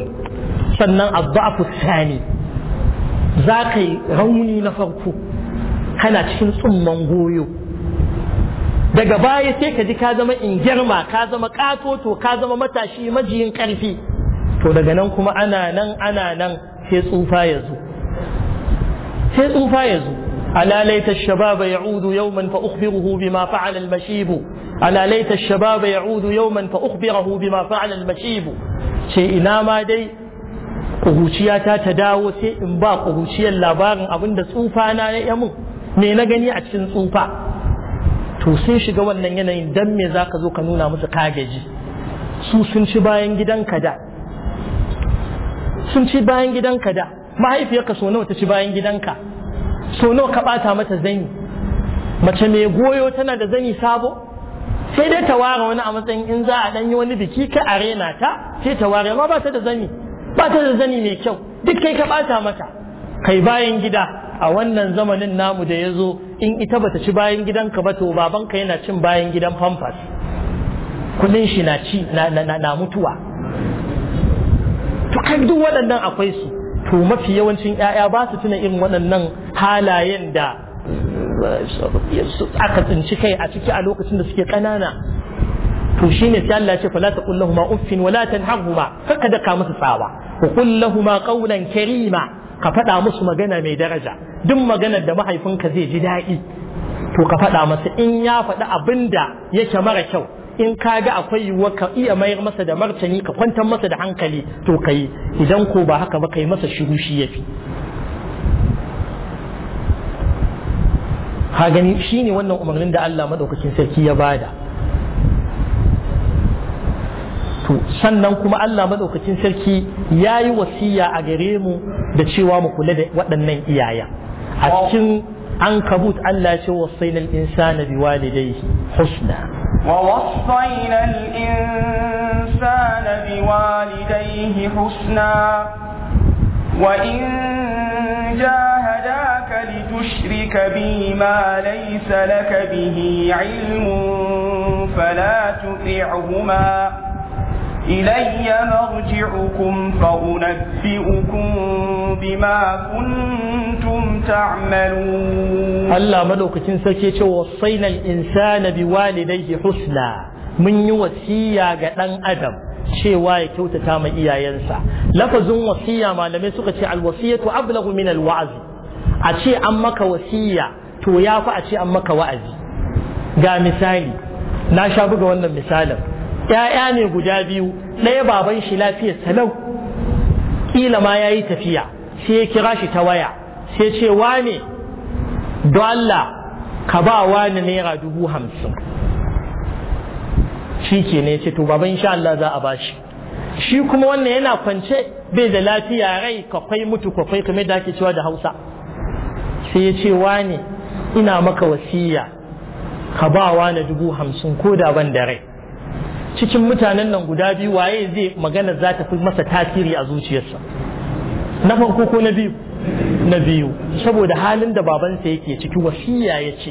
sannan الضعف الثاني za ka yi rauni na farko kana cikin tsumman goyo daga baya sai ka ji ka zama girma, ka zama katoto ka zama matashi majiyin karfi to daga nan kuma ana nan ana nan sai tsufa ya zo sai tsufa ya zo ألا ليت الشباب يعود يوما فأخبره بما فعل المشيب ألا ليت الشباب يعود يوما فأخبره بما فعل المشيب ina ma dai? ƙuruciyata ta dawo sai in ba ƙuruciyar labarin abin da tsufa na ya mun me na gani a cikin tsufa to sun shiga wannan yanayin dan me za ka zo ka nuna musu kagaji su sun ci bayan gidanka da sun ci bayan gidanka da mahaifiyarka so nawa ta ci bayan gidanka so nawa ka bata mata zani mace mai goyo tana da zani sabo sai dai ta ware wani a matsayin in za a danyi wani biki ka arena ta sai ta ware ma ba ta da zani ba ta da zani mai kyau duk kai ka bata mata kai bayan gida a wannan zamanin namu da ya zo in ita bata ci bayan gidanka ba to babanka yana cin bayan gidan famfas kudin shi na ci na mutuwa to kai duk waɗannan akwai su to mafi yawancin 'ya'ya ba su tuna irin waɗannan halayen da eh, aka tsinci kai a ciki a lokacin da suke ƙanana to shine sai Allah ya ce fala taqul lahumu uffin wala tanharhuma kaka daka musu tsawa ku qul huma qawlan karima ka faɗa musu magana mai daraja duk maganar da mahaifinka zai ji daɗi to ka faɗa masa in ya faɗi abin da yake mara kyau in ka ga akwai yiwuwar ka iya mayar masa da martani ka kwantar masa da hankali to ka yi idan ko ba haka ba ka yi masa shiru shi ya fi ka gani shine wannan umarnin da Allah madaukakin sarki ya bada to sannan kuma Allah madaukakin sarki ya yi wasiya a gare mu da cewa mu kula da waɗannan iyaya a cikin an kabut Allah ce wasaina al-insana biwalidayhi husna wa wasaina al-insana biwalidayhi husna wa in jahadaka litushrika bi ma laysa laka bihi ilmun fala tuti'huma إلي مرجعكم فأنبئكم بما كنتم تعملون الله ملوك تنسكي وصينا الإنسان بوالديه حسنا من يوسيا قدن أدم cewa ya kyautata ma iyayensa lafazin wasiya malamai suka ce alwasiyatu ablagu min wa'azi a ce an maka wasiya to yafi a ce an maka wa'azi ga misali na sha buga wannan misalin 'ya'ya ne guda biyu ɗaya baban shi lafiyar salau ƙila ma ya yi tafiya sai ya kira shi ta waya sai ce wane don Allah ka ba wani naira dubu hamsin shi ke ne ce to baban insha Allah za a bashi shi kuma wannan yana kwance bai da lafiya rai kwakwai mutu kwakwai kamar da ake cewa da hausa sai ya ce wane ina maka wasiya ka ba wani dubu hamsin ko da ban da rai cikin mutanen nan guda biyu waye zai magana za ta fi masa tasiri a zuciyarsa na farko ko na biyu na biyu saboda halin da babansa yake ciki wasiya ya ce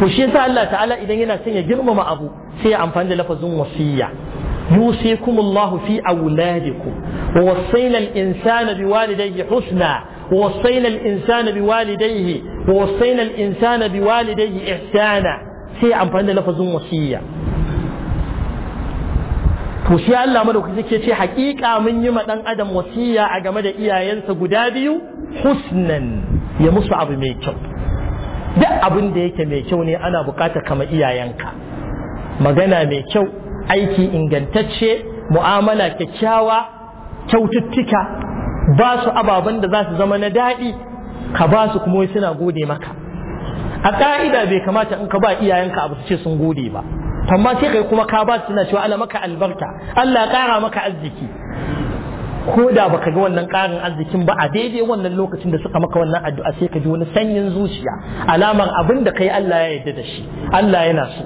to shi yasa Allah ta'ala idan yana son ya girmama abu sai ya amfani da lafazin wasiya يوصيكم الله في أولادكم ووصينا الإنسان بوالديه حسنا ووصينا الإنسان بوالديه ووصينا الإنسان بوالديه إحسانا sai amfani da lafazin wasiya to shi Allah madaukaki ke ce hakika mun yi ma dan adam wasiya a game da iyayensa guda biyu husnan ya musu abu mai kyau duk abin da yake mai kyau ne ana bukata kama iyayenka magana mai kyau aiki ingantacce mu'amala kyakkyawa kyaututtuka ba su ababen da za su zama na daɗi ka ba su kuma suna gode maka a ƙa'ida bai kamata in ka ba iyayenka abu su ce sun gode ba amma sai kai kuma ka ba suna cewa Allah maka albarka Allah ƙara maka arziki ko da baka ga wannan ƙarin arzikin ba a daidai wannan lokacin da suka maka wannan addu'a sai ka ji wani sanyin zuciya alamar abin da kai Allah ya yarda da shi Allah yana so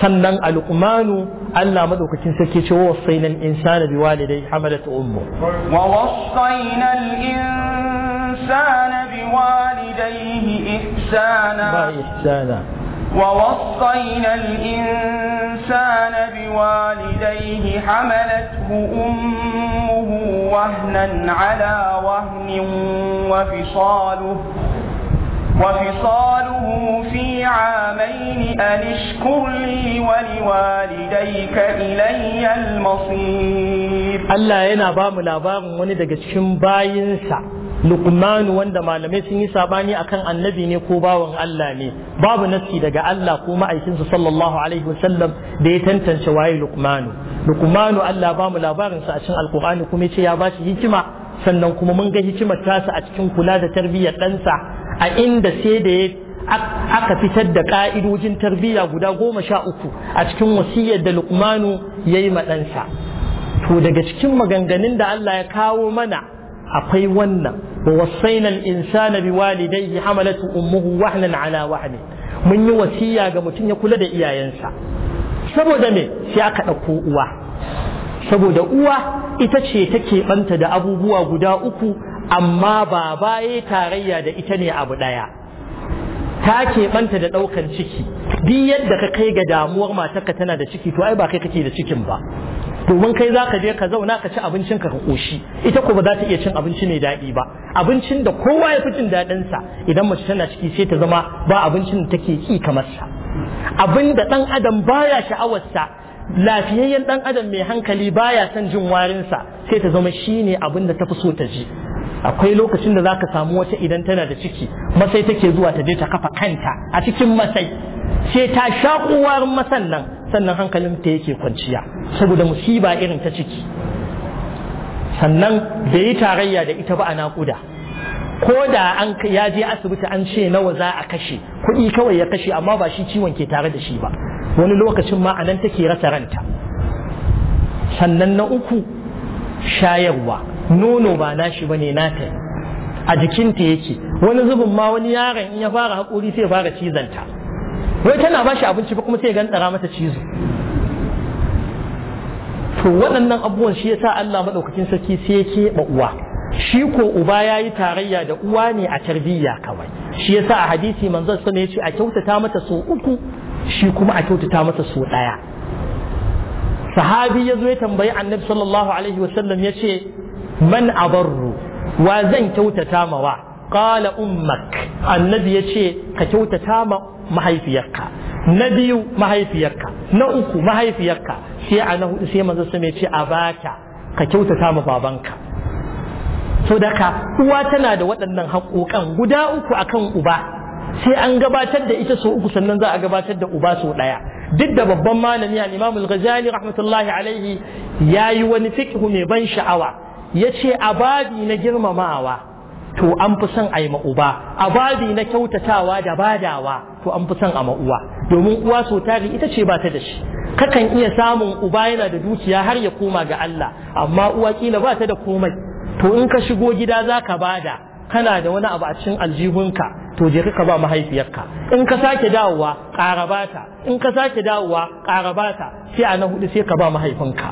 sannan alqumanu Allah madaukakin sarki ce wa wasainal insana biwalidayhi hamalat ummu wa wasainal insana biwalidayhi ihsana ba ihsana ووصينا الإنسان بوالديه حملته أمه وهنا على وهن وفصاله وفصاله في عامين أن اشكر لي ولوالديك إلي المصير الله ينا بام labarin wani daga cikin bayinsa Luqman wanda malamai sun yi sabani akan annabi ne ko bawan Allah ne babu nasi daga Allah ko ma'aikinsa sallallahu alaihi wasallam da ya tantance waye Luqman Luqman Allah ba mu labarin sa a cikin Alqur'ani kuma ya ce ya bashi hikima sannan kuma mun ga hikimar tasa a cikin kula da tarbiyyar ɗansa a inda sai da ya aka fitar da ka'idojin tarbiyya guda goma sha uku a cikin wasiyar da Lukmanu ya yi ma ɗansa to daga cikin maganganun da Allah ya kawo mana akwai wannan wa wasaina al-insana walidayhi hamalatu ummuhu wahnan ala wahni mun yi wasiya ga mutum ya kula da iyayensa saboda me sai aka dauko uwa saboda uwa ita ce take banta da abubuwa guda uku amma ba baye tarayya da ita ne abu daya take banta da ɗaukan ciki duk yadda ka kai ga damuwar matarka tana da ciki to ai ba kai kake da cikin ba domin kai za ka je ka zauna ka ci abincin ka koshi ita ko ba za ta iya cin abinci mai daɗi ba abincin da kowa ya fi jin daɗin sa idan mace tana ciki sai ta zama ba abincin da take ki kamar sa abin da ɗan adam baya sha'awar sa lafiyayyen ɗan adam mai hankali baya son jin warin sa sai ta zama shine abin da ta fi so ta ji akwai lokacin da zaka samu wata idan tana da ciki masai take zuwa ta je ta kafa kanta a cikin masai sai ta sha masan nan sannan hankalin ta yake kwanciya saboda musiba irin ta ciki sannan bai yi tarayya da ita ba a naƙuda ko da an ya je asibiti an ce nawa za a kashe kuɗi kawai ya kashe amma ba shi ciwon ke tare da shi ba wani lokacin ma anan take rasa ranta sannan na uku shayarwa nono ba nashi bane nata a jikinta yake wani zubin ma wani yaron in ya fara haƙuri sai ya fara cizanta wai tana ba shi abinci ba kuma sai ya gantsara mata cizo to waɗannan abubuwan shi yasa Allah madaukakin sarki sai ya keɓe uwa shi ko uba ya yi tarayya da uwa ne a tarbiyya kawai shi yasa a hadisi manzon sama ya ce a kyautata mata so uku shi kuma a kyautata mata so ɗaya sahabi ya zo ya tambayi annabi sallallahu alaihi wasallam ya ce man abarru wa zan kyautata mawa qala ummak annabi yace ka kyautata ma mahaifiyarka na biyu mahaifiyarka na uku mahaifiyarka sai a na hudu sai manzo sai yace abaka ka kyautata ma babanka so daka uwa tana da waɗannan haƙoƙan guda uku akan uba sai an gabatar da ita sau uku sannan za a gabatar da uba sau ɗaya duk da babban malami al-imam al-ghazali rahmatullahi alaihi yayi wani fiqh mai ban sha'awa ya ce abadi na girmamawa to an fi son a yi ma'uba abadi na kyautatawa da badawa to an fi son a ma'uwa domin uwa so tari ita ce ba ta da shi kakan iya samun uba yana da dukiya har ya koma ga Allah amma uwa kila ba ta da komai to in ka shigo gida za ka bada kana da wani abu a cikin aljihunka to je ka ba mahaifiyarka in ka sake dawowa karabata in ka sake dawowa karabata sai a na hudu sai ka ba mahaifinka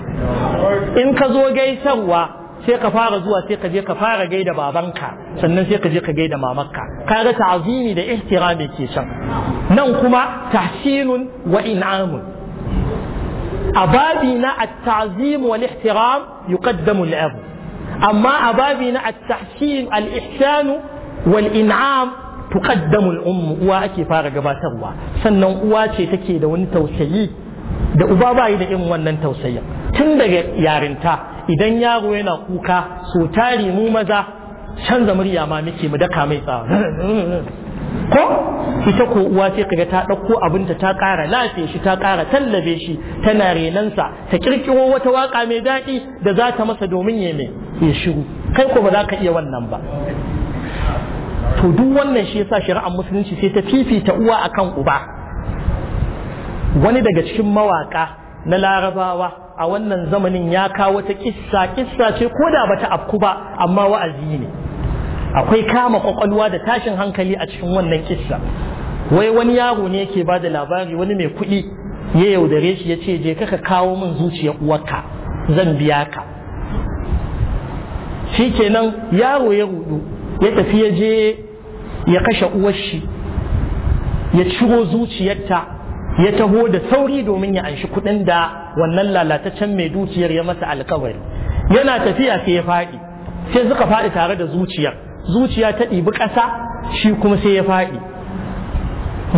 in ka zo gaisarwa sai ka fara zuwa sai ka je ka fara gaida babanka sannan sai ka je ka gaida mamakka. kaga ta'zimi da ihtirami ke can nan kuma tahsinun wa in'amun ababi na at-ta'zim wal ihtiram yuqaddamu al-ab amma ababi na at-tahsin al-ihsan wal in'am tuqaddamu al-umm uwa ake fara gabatarwa sannan uwa ce take da wani tausayi da uba bayi da irin wannan tausayin tun daga yarinta idan yaro yana kuka so tari mu maza canza murya ma muke mu daka mai tsawa (laughs) ko ita ko uwa sai kaga ta ɗauko abinta ta ƙara lafiya shi ta ƙara tallabe shi tana renansa ta kirkiro wata waka mai daɗi da za ta masa domin ya mai ya shiru kai ko ba za ka iya wannan ba to duk wannan shi yasa shari'ar musulunci sai ta fifita uwa akan uba wani daga cikin mawaka na larabawa a wannan zamanin ya kawo wata kissa kissa ce ko da bata afku ba amma wa'azi ne akwai kama kwakwalwa da tashin hankali a cikin wannan kissa wai wani yaro ne yake ba da labari wani mai kuɗi ya yaudare shi ya ce je kaka kawo min zuciyar uwarka zan biya ka shi kenan yaro ya rudu ya tafi ya je ya kashe uwar shi ya ciro zuciyarta ya taho da sauri domin ya anshi kuɗin da wannan lalataccen mai dukiyar ya masa alkawari yana tafiya sai ya faɗi sai suka faɗi tare da zuciyar zuciya ta ɗibi ƙasa shi kuma sai ya faɗi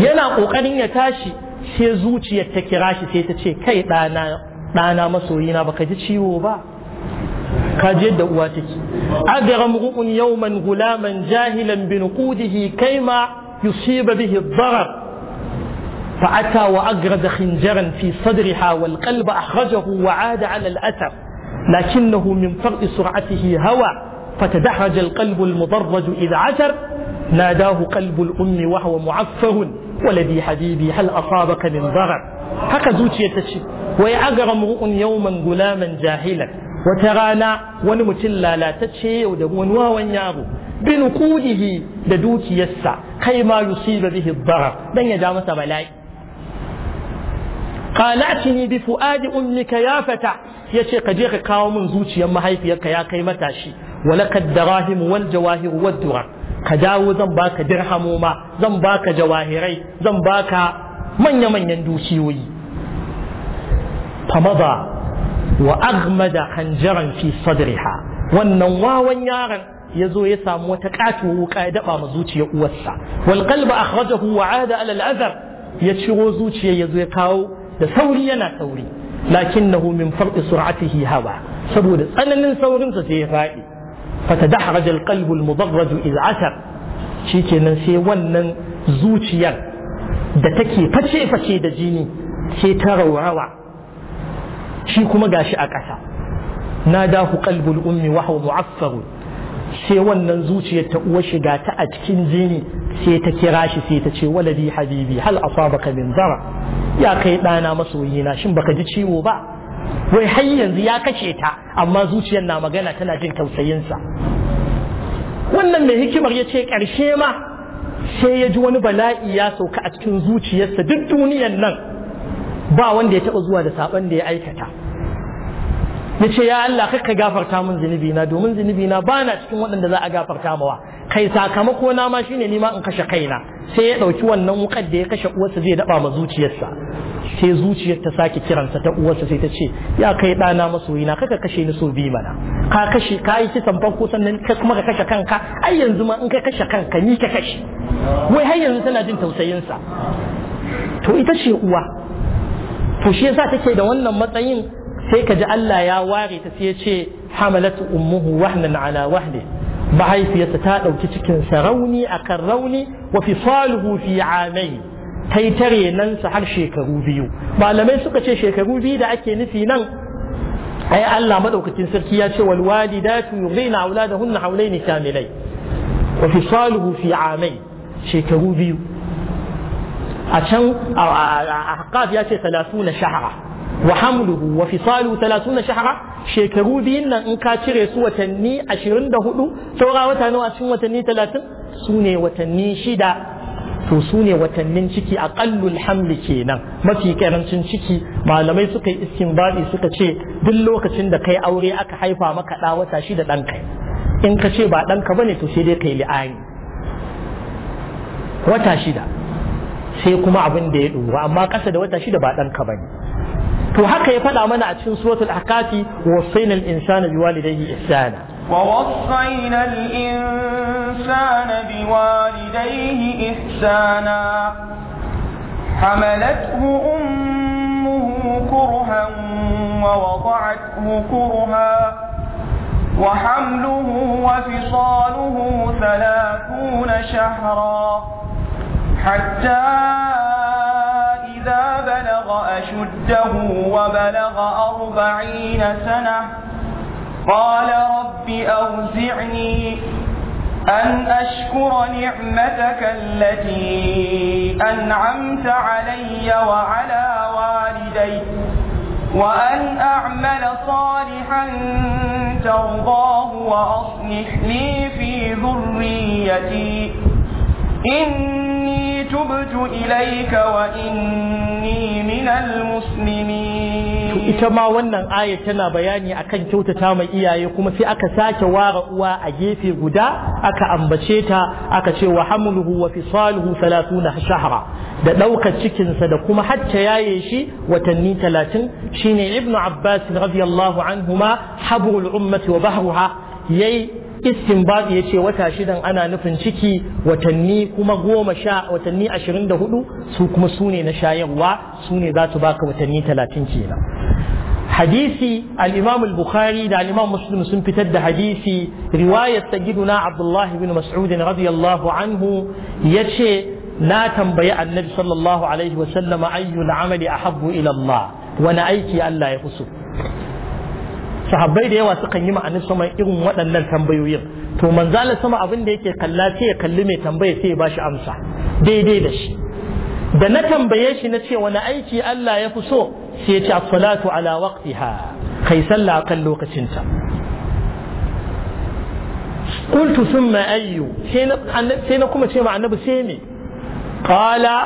yana ƙoƙarin ya tashi sai zuciyar ta kira shi sai ta ce kai ɗana ɗana masoyina baka ji ciwo ba ka ji yadda uwa take agaram ru'un yawman gulaman jahilan bi kai kaima yusiba bihi darar فأتى وأجرد خنجرا في صدرها والقلب أخرجه وعاد على الأثر لكنه من فرط سرعته هوى فتدحرج القلب المضرج إذا عثر ناداه قلب الأم وهو معفر ولدي حبيبي هل أصابك من ضرر هكا زوجي تشي ويأجر امرؤ يوما غلاما جاهلا وترانا ونمتلا لا لا تشي ودبون واwan yaro بنقوده لدوتي يسع كيما يصيب به الضرر لن dan ya qalatini bi fuadi ummika ya fata yace ka je ka kawo min zuciyar mahaifiyarka ya kai matashi walakad darahim wal jawahir wad durar ka dawo zan baka dirhamoma zan baka jawahirai zan baka manya-manyan dukiyoyi famada wa agmada hanjaran fi sadriha wannan wawan yaron ya zo ya samu wata katuwa wuka ya daba ma zuciyar uwarsa wal qalba akhrajahu wa ada ala al azar ya ciro zuciyar ya zo ya kawo da sauri yana sauri lakinnahu min farqi sur'atihi hawa saboda tsananin saurin sa sai ya fadi fatadahraj alqalb almudarraj iz'atar kenan sai wannan zuciyar da take face face da jini sai ta raurawa shi kuma gashi a ƙasa Na dahu qalbul ummi wahau huwa sai wannan zuciyar ta uwa shiga ta a cikin jini sai ta kira shi sai ta ce waladi habibi hal asabaka min zara ya kai ɗana masoyina shin baka ji ciwo ba wai har yanzu ya kashe ta amma zuciyar na magana tana jin tausayin sa. wannan mai hikimar yace ce ƙarshe ma sai ya ji wani bala'i ya sauka a cikin zuciyarsa duk duniyar nan ba wanda ya taɓa zuwa da saban da ya aikata ya ce ya Allah kai ka gafarta min zunubi na domin zunubi na ba na cikin waɗanda za a gafarta mawa kai sakamako na ma shine nima in kashe kaina sai ya ɗauki wannan wukar da ya kashe uwarsa zai daɓa ma zuciyarsa sai zuciyar ta sake kiransa ta uwarsa sai ta ce ya kai ɗana masoyina kaka kashe ni so bi mana ka kashe ka yi kisan farko sannan kuma ka kashe kanka ai yanzu ma in ka kashe kanka ni ka kashe wai har yanzu tana jin tausayinsa to ita ce uwa to shi yasa take da wannan matsayin sai ka ji Allah ya ware ta sai ya ce hamalatu ummuhu wahnan ala wahne mahaifiyarsa ta ɗauki cikin sa rauni akan rauni wa fi saluhu fi amai tare nan sa har shekaru biyu malamai suka ce shekaru biyu da ake nufi nan ai Allah madaukakin sarki ya ce wal walidatu yughina auladahunna hawlaini kamilai wa fi saluhu fi amai shekaru biyu a can a haƙaf ya ce 30 shahara wa hamluhu wa fisalu 30 shahra shekaru biyun nan in ka cire su watanni 24 saura wata nawa cikin watanni 30 su ne watanni shida to sune watannin ciki aqallul hamli kenan mafi karancin ciki malamai suka yi istinbadi suka ce duk lokacin da kai aure aka haifa maka da wata shida dan kai in ka ce ba ka bane to sai dai kai li'ani wata shida sai kuma abin da ya ɗora amma ƙasa da wata shida ba ka bane to haka ya faɗa mana a cikin suratul ahqafi wasaina al-insana biwalidayhi ihsana ووصينا الإنسان بوالديه إحسانا حملته أمه كرها ووضعته كرها وحمله وفصاله ثلاثون شهرا حتى إذا بلغ أشده وبلغ أربعين سنة قال رب أوزعني أن أشكر نعمتك التي أنعمت علي وعلى والدي وأن أعمل صالحا ترضاه وأصلح لي في ذريتي إني تبت إليك وإني من المسلمين ita ma wannan aya tana bayani akan kyautata mai iyaye kuma sai aka sake ware uwa a gefe guda aka ambace ta aka ce wa hamluhu wa fisaluhu 30 shahra da daukar cikinsa da kuma hatta yaye shi watanni 30 shine ibnu abbas radiyallahu anhuma habrul ummati wa bahruha yayi istinbat ya ce wata shidan ana nufin ciki watanni kuma goma sha watanni ashirin da hudu su kuma su ne na shayarwa su ne za su baka watanni talatin kenan hadisi al-imam al-bukhari da al-imam muslim sun fitar da hadisi riwayar sayyiduna abdullahi bin mas'ud radiyallahu anhu yace na tambayi annabi sallallahu alaihi wa sallama ayyul amali ahabbu ila Allah wani aiki Allah ya fi sahabbai da yawa sukan yi ma'anin sama irin waɗannan tambayoyin to manzala sama abin da yake kalla sai ya kalli mai tambaya sai ya shi amsa daidai da shi da na tambaye shi na ce wani aiki Allah ya fi so sai ya ce as-salatu ala waqtiha kai sallah kan lokacinta qultu thumma ayyu sai na kuma ce ma annabi sai ne qala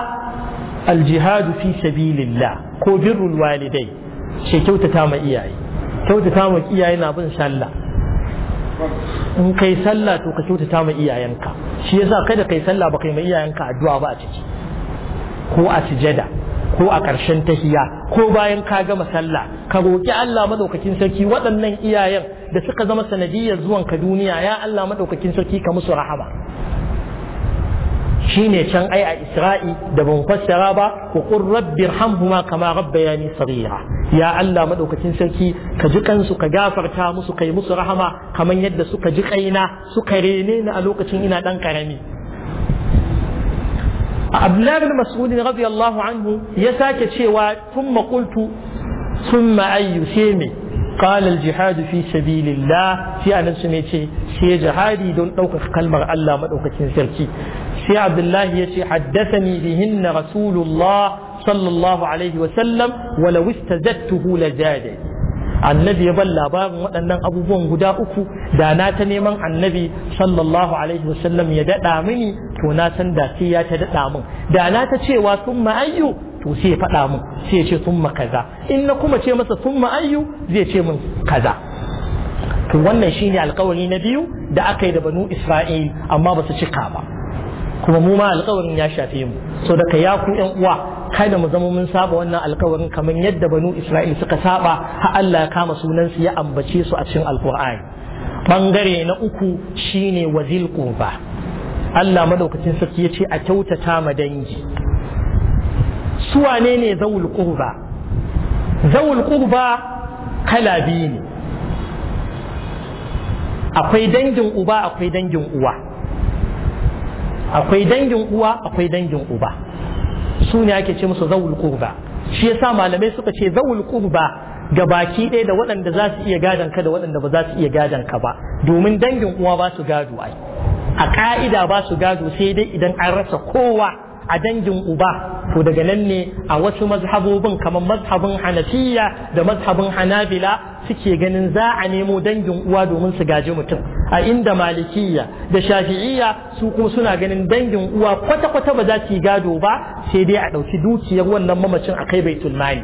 al-jihadu fi sabilillah ko birrul walidai ce kyautata ma iyaye kyautata ma iyayen na bin sallah in kai sallah to ka kyautata ma iyayenka shi yasa kada kai sallah ba kai ma iyayenka addu'a ba a ciki ko a sujada ko a ƙarshen tahiya ko bayan ka gama sallah ka roƙi Allah madaukakin sarki waɗannan iyayen da suka zama sanadiyar zuwan ka duniya ya Allah madaukakin sarki ka musu rahama shine can ai a Isra'i da ban fassara ba ku qur rabbi hamhuma kama rabbayani saghira ya Allah madaukakin sarki ka ji kansu ka gafarta musu kai musu rahama kamar yadda suka ji kaina suka rene ni a lokacin ina dan karami Abdullah bin Mas'ud radiyallahu anhu ya sake cewa thumma qultu thumma ayyu sai قال الجهاد في سبيل الله في أنا سميتي سي جهادي دون أوك كلمة الله مدوك سركي سي عبد الله يتي حدثني بهن رسول الله صلى الله عليه وسلم ولو استزدته annabi ya ban labarin waɗannan abubuwan guda uku da na ta neman annabi sallallahu alaihi wasallam ya daɗa mini to na san da ke ya ta daɗa min da na ta cewa sun ma'ayyu to sai ya faɗa mun sai ya ce summa kaza in na kuma ce masa summa ayyu zai ce mun kaza to wannan shine alkawari na biyu da aka yi da banu isra'il amma ba su cika ba kuma mu ma alkawarin ya shafe mu so daga ya ku yan uwa kada mu zama mun saba wannan alkawarin kamar yadda banu isra'il suka saba har Allah ya kama sunan su ya ambace su a cikin alkur'ani bangare na uku shine wazil ba. Allah madaukakin sarki ya ce a kyautata ma dangi su wane ne zawul ƙurba. zawul ƙurba kala biyu ne akwai dangin uba akwai dangin uwa akwai dangin uwa akwai dangin uba su ne ake ce musu zawul ƙurba shi yasa malamai suka ce zawul ƙurba ga baki ɗaya da waɗanda za su iya gadon ka da waɗanda ba za su iya gadon ka ba domin dangin uwa ba su gado ai a ka'ida ba su gado sai dai idan an rasa kowa a dangin uba to daga nan ne a wasu mazhabobin kamar mazhabin hanafiya da mazhabin hanabila suke ganin za a nemo dangin uwa domin su gaji mutum a inda malikiya da shafi'iya su kuma suna ganin dangin uwa kwata-kwata ba za su gado ba sai dai a ɗauki dukiyar wannan mamacin a kai baitul mali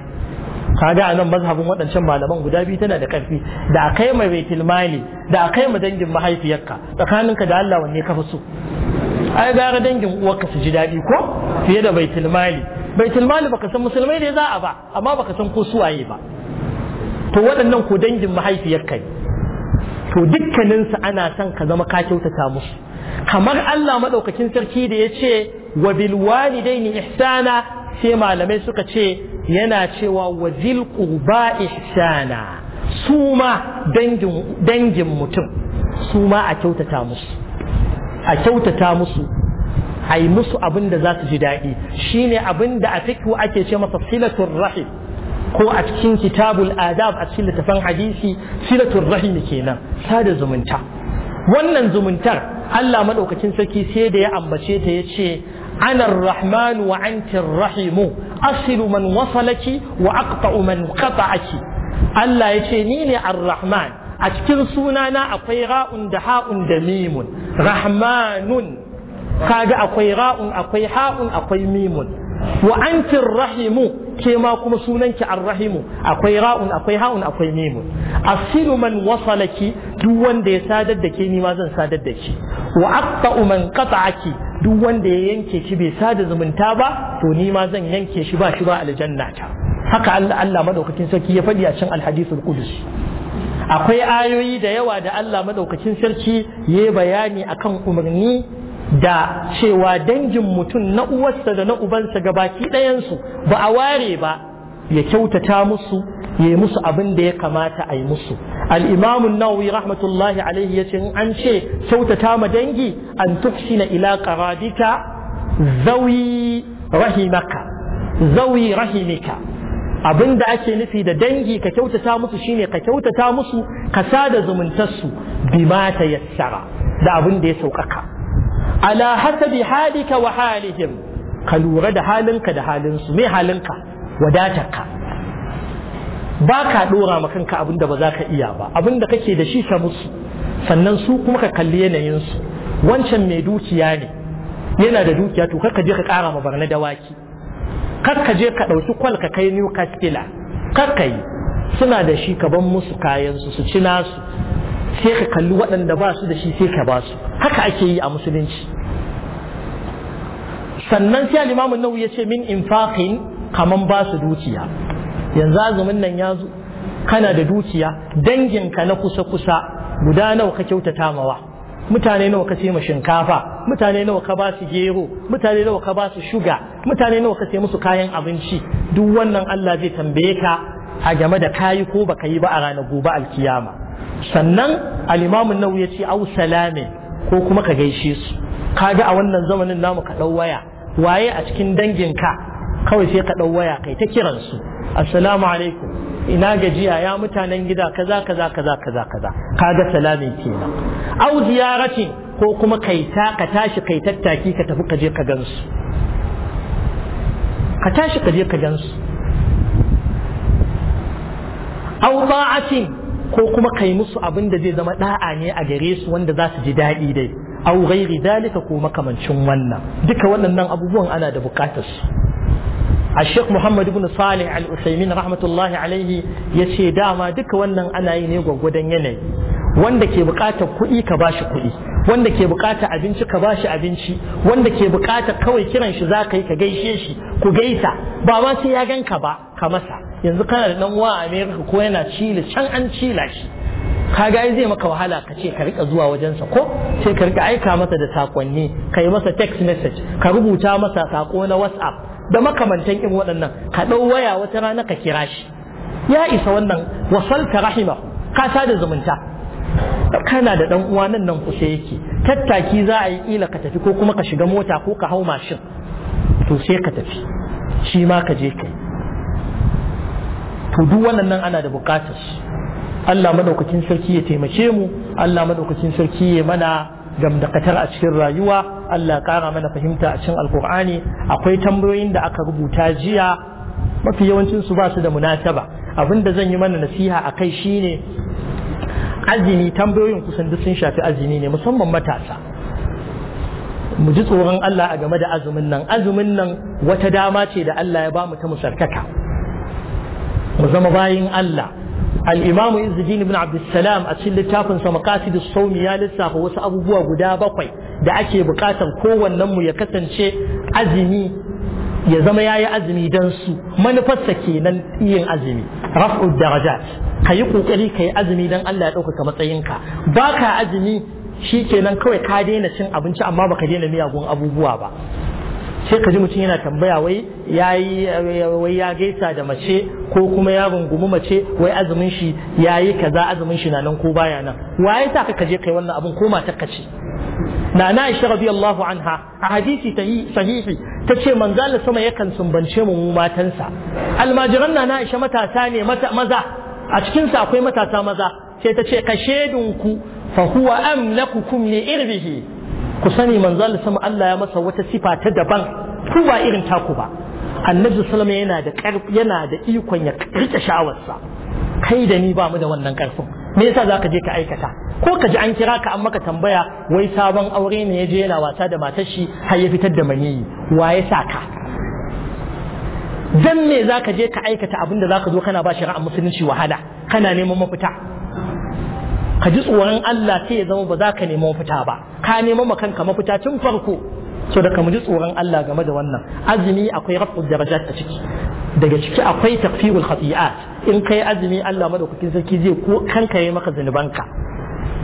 kaga a nan mazhabin waɗancan malaman guda biyu tana da ƙarfi da a kai mai baitul mali da a kai ma dangin mahaifiyarka tsakaninka da Allah wanne ka fi so ai gara dangin uwarka su ji daɗi ko fiye da baitul mali baitul mali baka san musulmai ne za a ba amma baka san ko suwaye ba to waɗannan ko dangin mahaifiyarka ne to dukkaninsu ana son ka zama ka kyautata musu kamar Allah Madaukakin sarki da ya ce wa bil walidaini ihsana sai malamai suka ce yana cewa wa zil quba ihsana su ma dangin mutum su ma a kyautata musu a kyautata musu a yi musu abin da za su ji daɗi shine abin da a fiku ake ce masa silatul rahim ko a cikin kitabul adab a cikin littafin hadisi silatul rahim kenan sada zumunta wannan zumuntar Allah madaukakin sarki sai da ya ambace ta ya ce ana rahman wa rahimu asilu man wasalaki wa aqta'u man qata'aki Allah ya ce ni ne ar-rahman a cikin suna na akwai ra'un da ha'un da mimun rahmanun kaga akwai ra'un akwai ha'un akwai mimun wa antir rahimu ke ma kuma sunanki rahimu akwai ra'un akwai ha'un akwai mimun asilu man wasalaki duk wanda ya sadar da ke ni ma zan sadar da ki wa aqta man qata'aki duk wanda ya yanke shi bai sada zumunta ba to ni ma zan yanke shi ba shi ba aljanna ta haka Allah madaukakin sarki ya faɗi a cikin alhadithul qudsi akwai ayoyi da yawa da Allah madaukakin sarki ya bayani akan umarni da cewa dangin mutum na uwarsa da na ubansa gabaki ɗayansu ba a ware ba ya kyautata musu ya yi musu abin da ya kamata a yi musu al'imamu nawawi rahmatullahi alaihi ya ce an ce kyautata ma dangi an na ila qaradika zawi rahimaka zawi rahimika abin da ake nufi da dangi ka kyautata musu shine ka kyautata musu ka sada zumuntarsu bima ta yassara da abin da ya sauƙaƙa ala hasabi halika wa halihim ka lura da halinka da halinsu me halinka ka. ba ka ɗora ma kanka abin da ba za ka iya ba abin da kake da shi ka musu sannan su kuma ka kalli yanayinsu wancan mai dukiya ne yana da dukiya to kar ka je ka ƙara ma barna dawaki ka je ka ɗauki kwal ka kai new castilla yi suna da shi ka ban musu kayansu su ci nasu sai ka kalli waɗanda ba su da shi sai ka ba su haka ake yi a musulunci sannan sai al-imamu ya ce min infaqin kaman ba su dukiya yanzu azumin nan ya kana da dukiya danginka na kusa kusa guda nawa ka kyautata mawa mutane nawa ka sai ma shinkafa mutane nawa ka ba su gero mutane nawa ka ba su shuga mutane nawa ka sai musu kayan abinci duk wannan Allah zai tambaye ka a game da kayi ko baka yi ba a ranar gobe alkiyama sannan al-imamun ya ce au salame ko kuma ka gaishe su ka ga a wannan zamanin namu ka dau waya waye a cikin dangin ka kawai sai ka dau waya kai ta kiransu assalamu alaikum ina gajiya ya mutanen gida kaza kaza kaza kaza kaza kaga salamin kenan au ziyaratin ko kuma kai ka tashi kai tattaki ka tafi ka je ka gansu ka tashi ka je ka gansu au ta'atin ko kuma kai musu abin da zai zama da'a ne a gare su wanda za su ji daɗi dai au ghairi dalika ko makamancin wannan duka waɗannan abubuwan ana da bukatar su A الشيخ محمد بن صالح الأسيمين rahmatullahi الله Ya ce dama duka wannan ana yi ne gwagwadon yanayi wanda ke bukatar kuɗi ka bashi kuɗi wanda ke bukatar abinci ka bashi abinci wanda ke bukatar kawai kiran shi zaka yi ka gaishe shi ku gaisa ba ma sai ya ganka ba ka masa yanzu kana da dan uwa a America ko yana Chile can an cila shi ka ga zai maka wahala ka ce ka rika zuwa sa ko sai ka rika aika masa da sakonni ka yi masa text message ka rubuta masa sako na WhatsApp da makamantan in waɗannan ka ɗau waya wata rana ka kira shi ya isa wannan wasalta rahima ka da zumunta kana da ɗan uwa nan nan kusa yake tattaki za a yi kila ka tafi ko kuma ka shiga mota ko ka hau mashin to sai ka tafi shi ma ka je kai to duk wannan ana da bukatar Allah madaukakin sarki ya taimake mu Allah madaukakin sarki ya mana gamdakatar a cikin rayuwa Allah ƙara mana fahimta a cikin alkur'ani akwai tambayoyin da aka rubuta jiya mafi yawancin su ba su da munasaba abin da zan yi mana nasiha a kai shine azumi tambayoyin kusan duk sun shafi azumi ne musamman matasa mu ji tsoron Allah a game da azumin nan azumin nan wata dama ce da Allah ya ba mu ta musarkaka mu zama bayin Allah al-imamu izzuddin ibn abdussalam a cikin littafin sa maqasidus sawmi ya lissafa wasu abubuwa guda bakwai da ake bukatan kowannen mu ya kasance azumi ya zama yayi azumi dan su manufarsa kenan yin azumi raf'u darajat kayi kokari kayi azumi dan Allah ya dauka ka baka azumi shikenan kawai ka daina cin abinci amma baka daina miyagun abubuwa ba sai ka ji mutum yana tambaya wai ya wai ya gaisa da mace ko kuma ya rungumi mace wai azumin shi ya yi kaza azumin shi na nan ko baya nan waye sa ka je kai wannan abun ko matar ka ce na na isha radiyallahu anha a hadisi sahihi ta ce manzo sama yakan sumbance mu matansa almajiran na na isha matasa ne maza a cikin sa akwai matasa maza sai ta ce ka shedunku fa huwa amlakukum li irbihi ku sani manzo Allah sama Allah ya masa wata sifa ta daban ku ba irin taku ba annabi sallama yana da yana da ikon ya rike sha'awarsa kai da ni ba mu da wannan karfin me yasa zaka je ka aikata ko ka ji an kira ka an maka tambaya wai sabon aure ne ya je yana wasa da matar shi har ya fitar da maniyi wa ya sa ka dan me zaka je ka aikata abin da zaka zo kana ba shari'ar musulunci wahala kana neman mafita ka ji tsoron Allah sai ya zama ba za ka nema mafita ba ka nema ma kanka mafita tun farko so da ka mu ji tsoron Allah game da wannan azumi akwai rafu darajat a ciki daga ciki akwai takfirul khati'at in kai azumi Allah madaukakin sarki zai ko kanka yayi maka zanubanka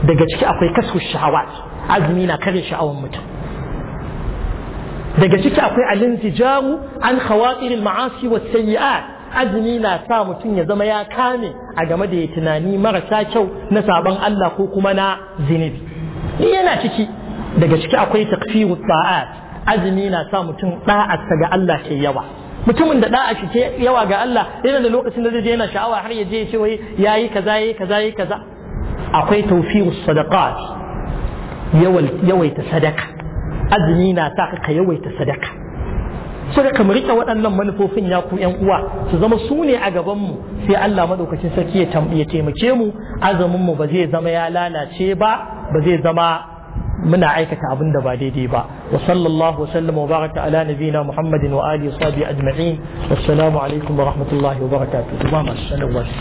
daga ciki akwai kasu shahawat azumi na kare sha'awan mutum daga ciki akwai alintijaru an khawatiril ma'asi was sayyi'at azumi na sa mutum ya zama ya kame a game da ya tunani marasa kyau na sabon Allah ko kuma na zinibi ni yana ciki daga ciki akwai takfiru ta'at azumi na sa mutum da'atsa ga Allah ke yawa mutumin da da'a shi ke yawa ga Allah yana da lokacin da zai je yana sha'awa har ya je ya ce wai yayi kaza yi kaza yi kaza akwai tawfiru sadaqat yawaita sadaka azumi na sa ka yawaita sadaka so da kamar rike waɗannan manufofin ya ku yan uwa su zama su ne a gaban mu sai Allah maɗaukacin sarki ya taimake mu azumin mu ba zai zama ya lalace ba ba zai zama muna aikata abin da ba daidai ba wa sallallahu wa sallama wa baraka ala nabiyina muhammadin wa alihi wa sahbihi ajma'in assalamu alaikum wa rahmatullahi wa barakatuh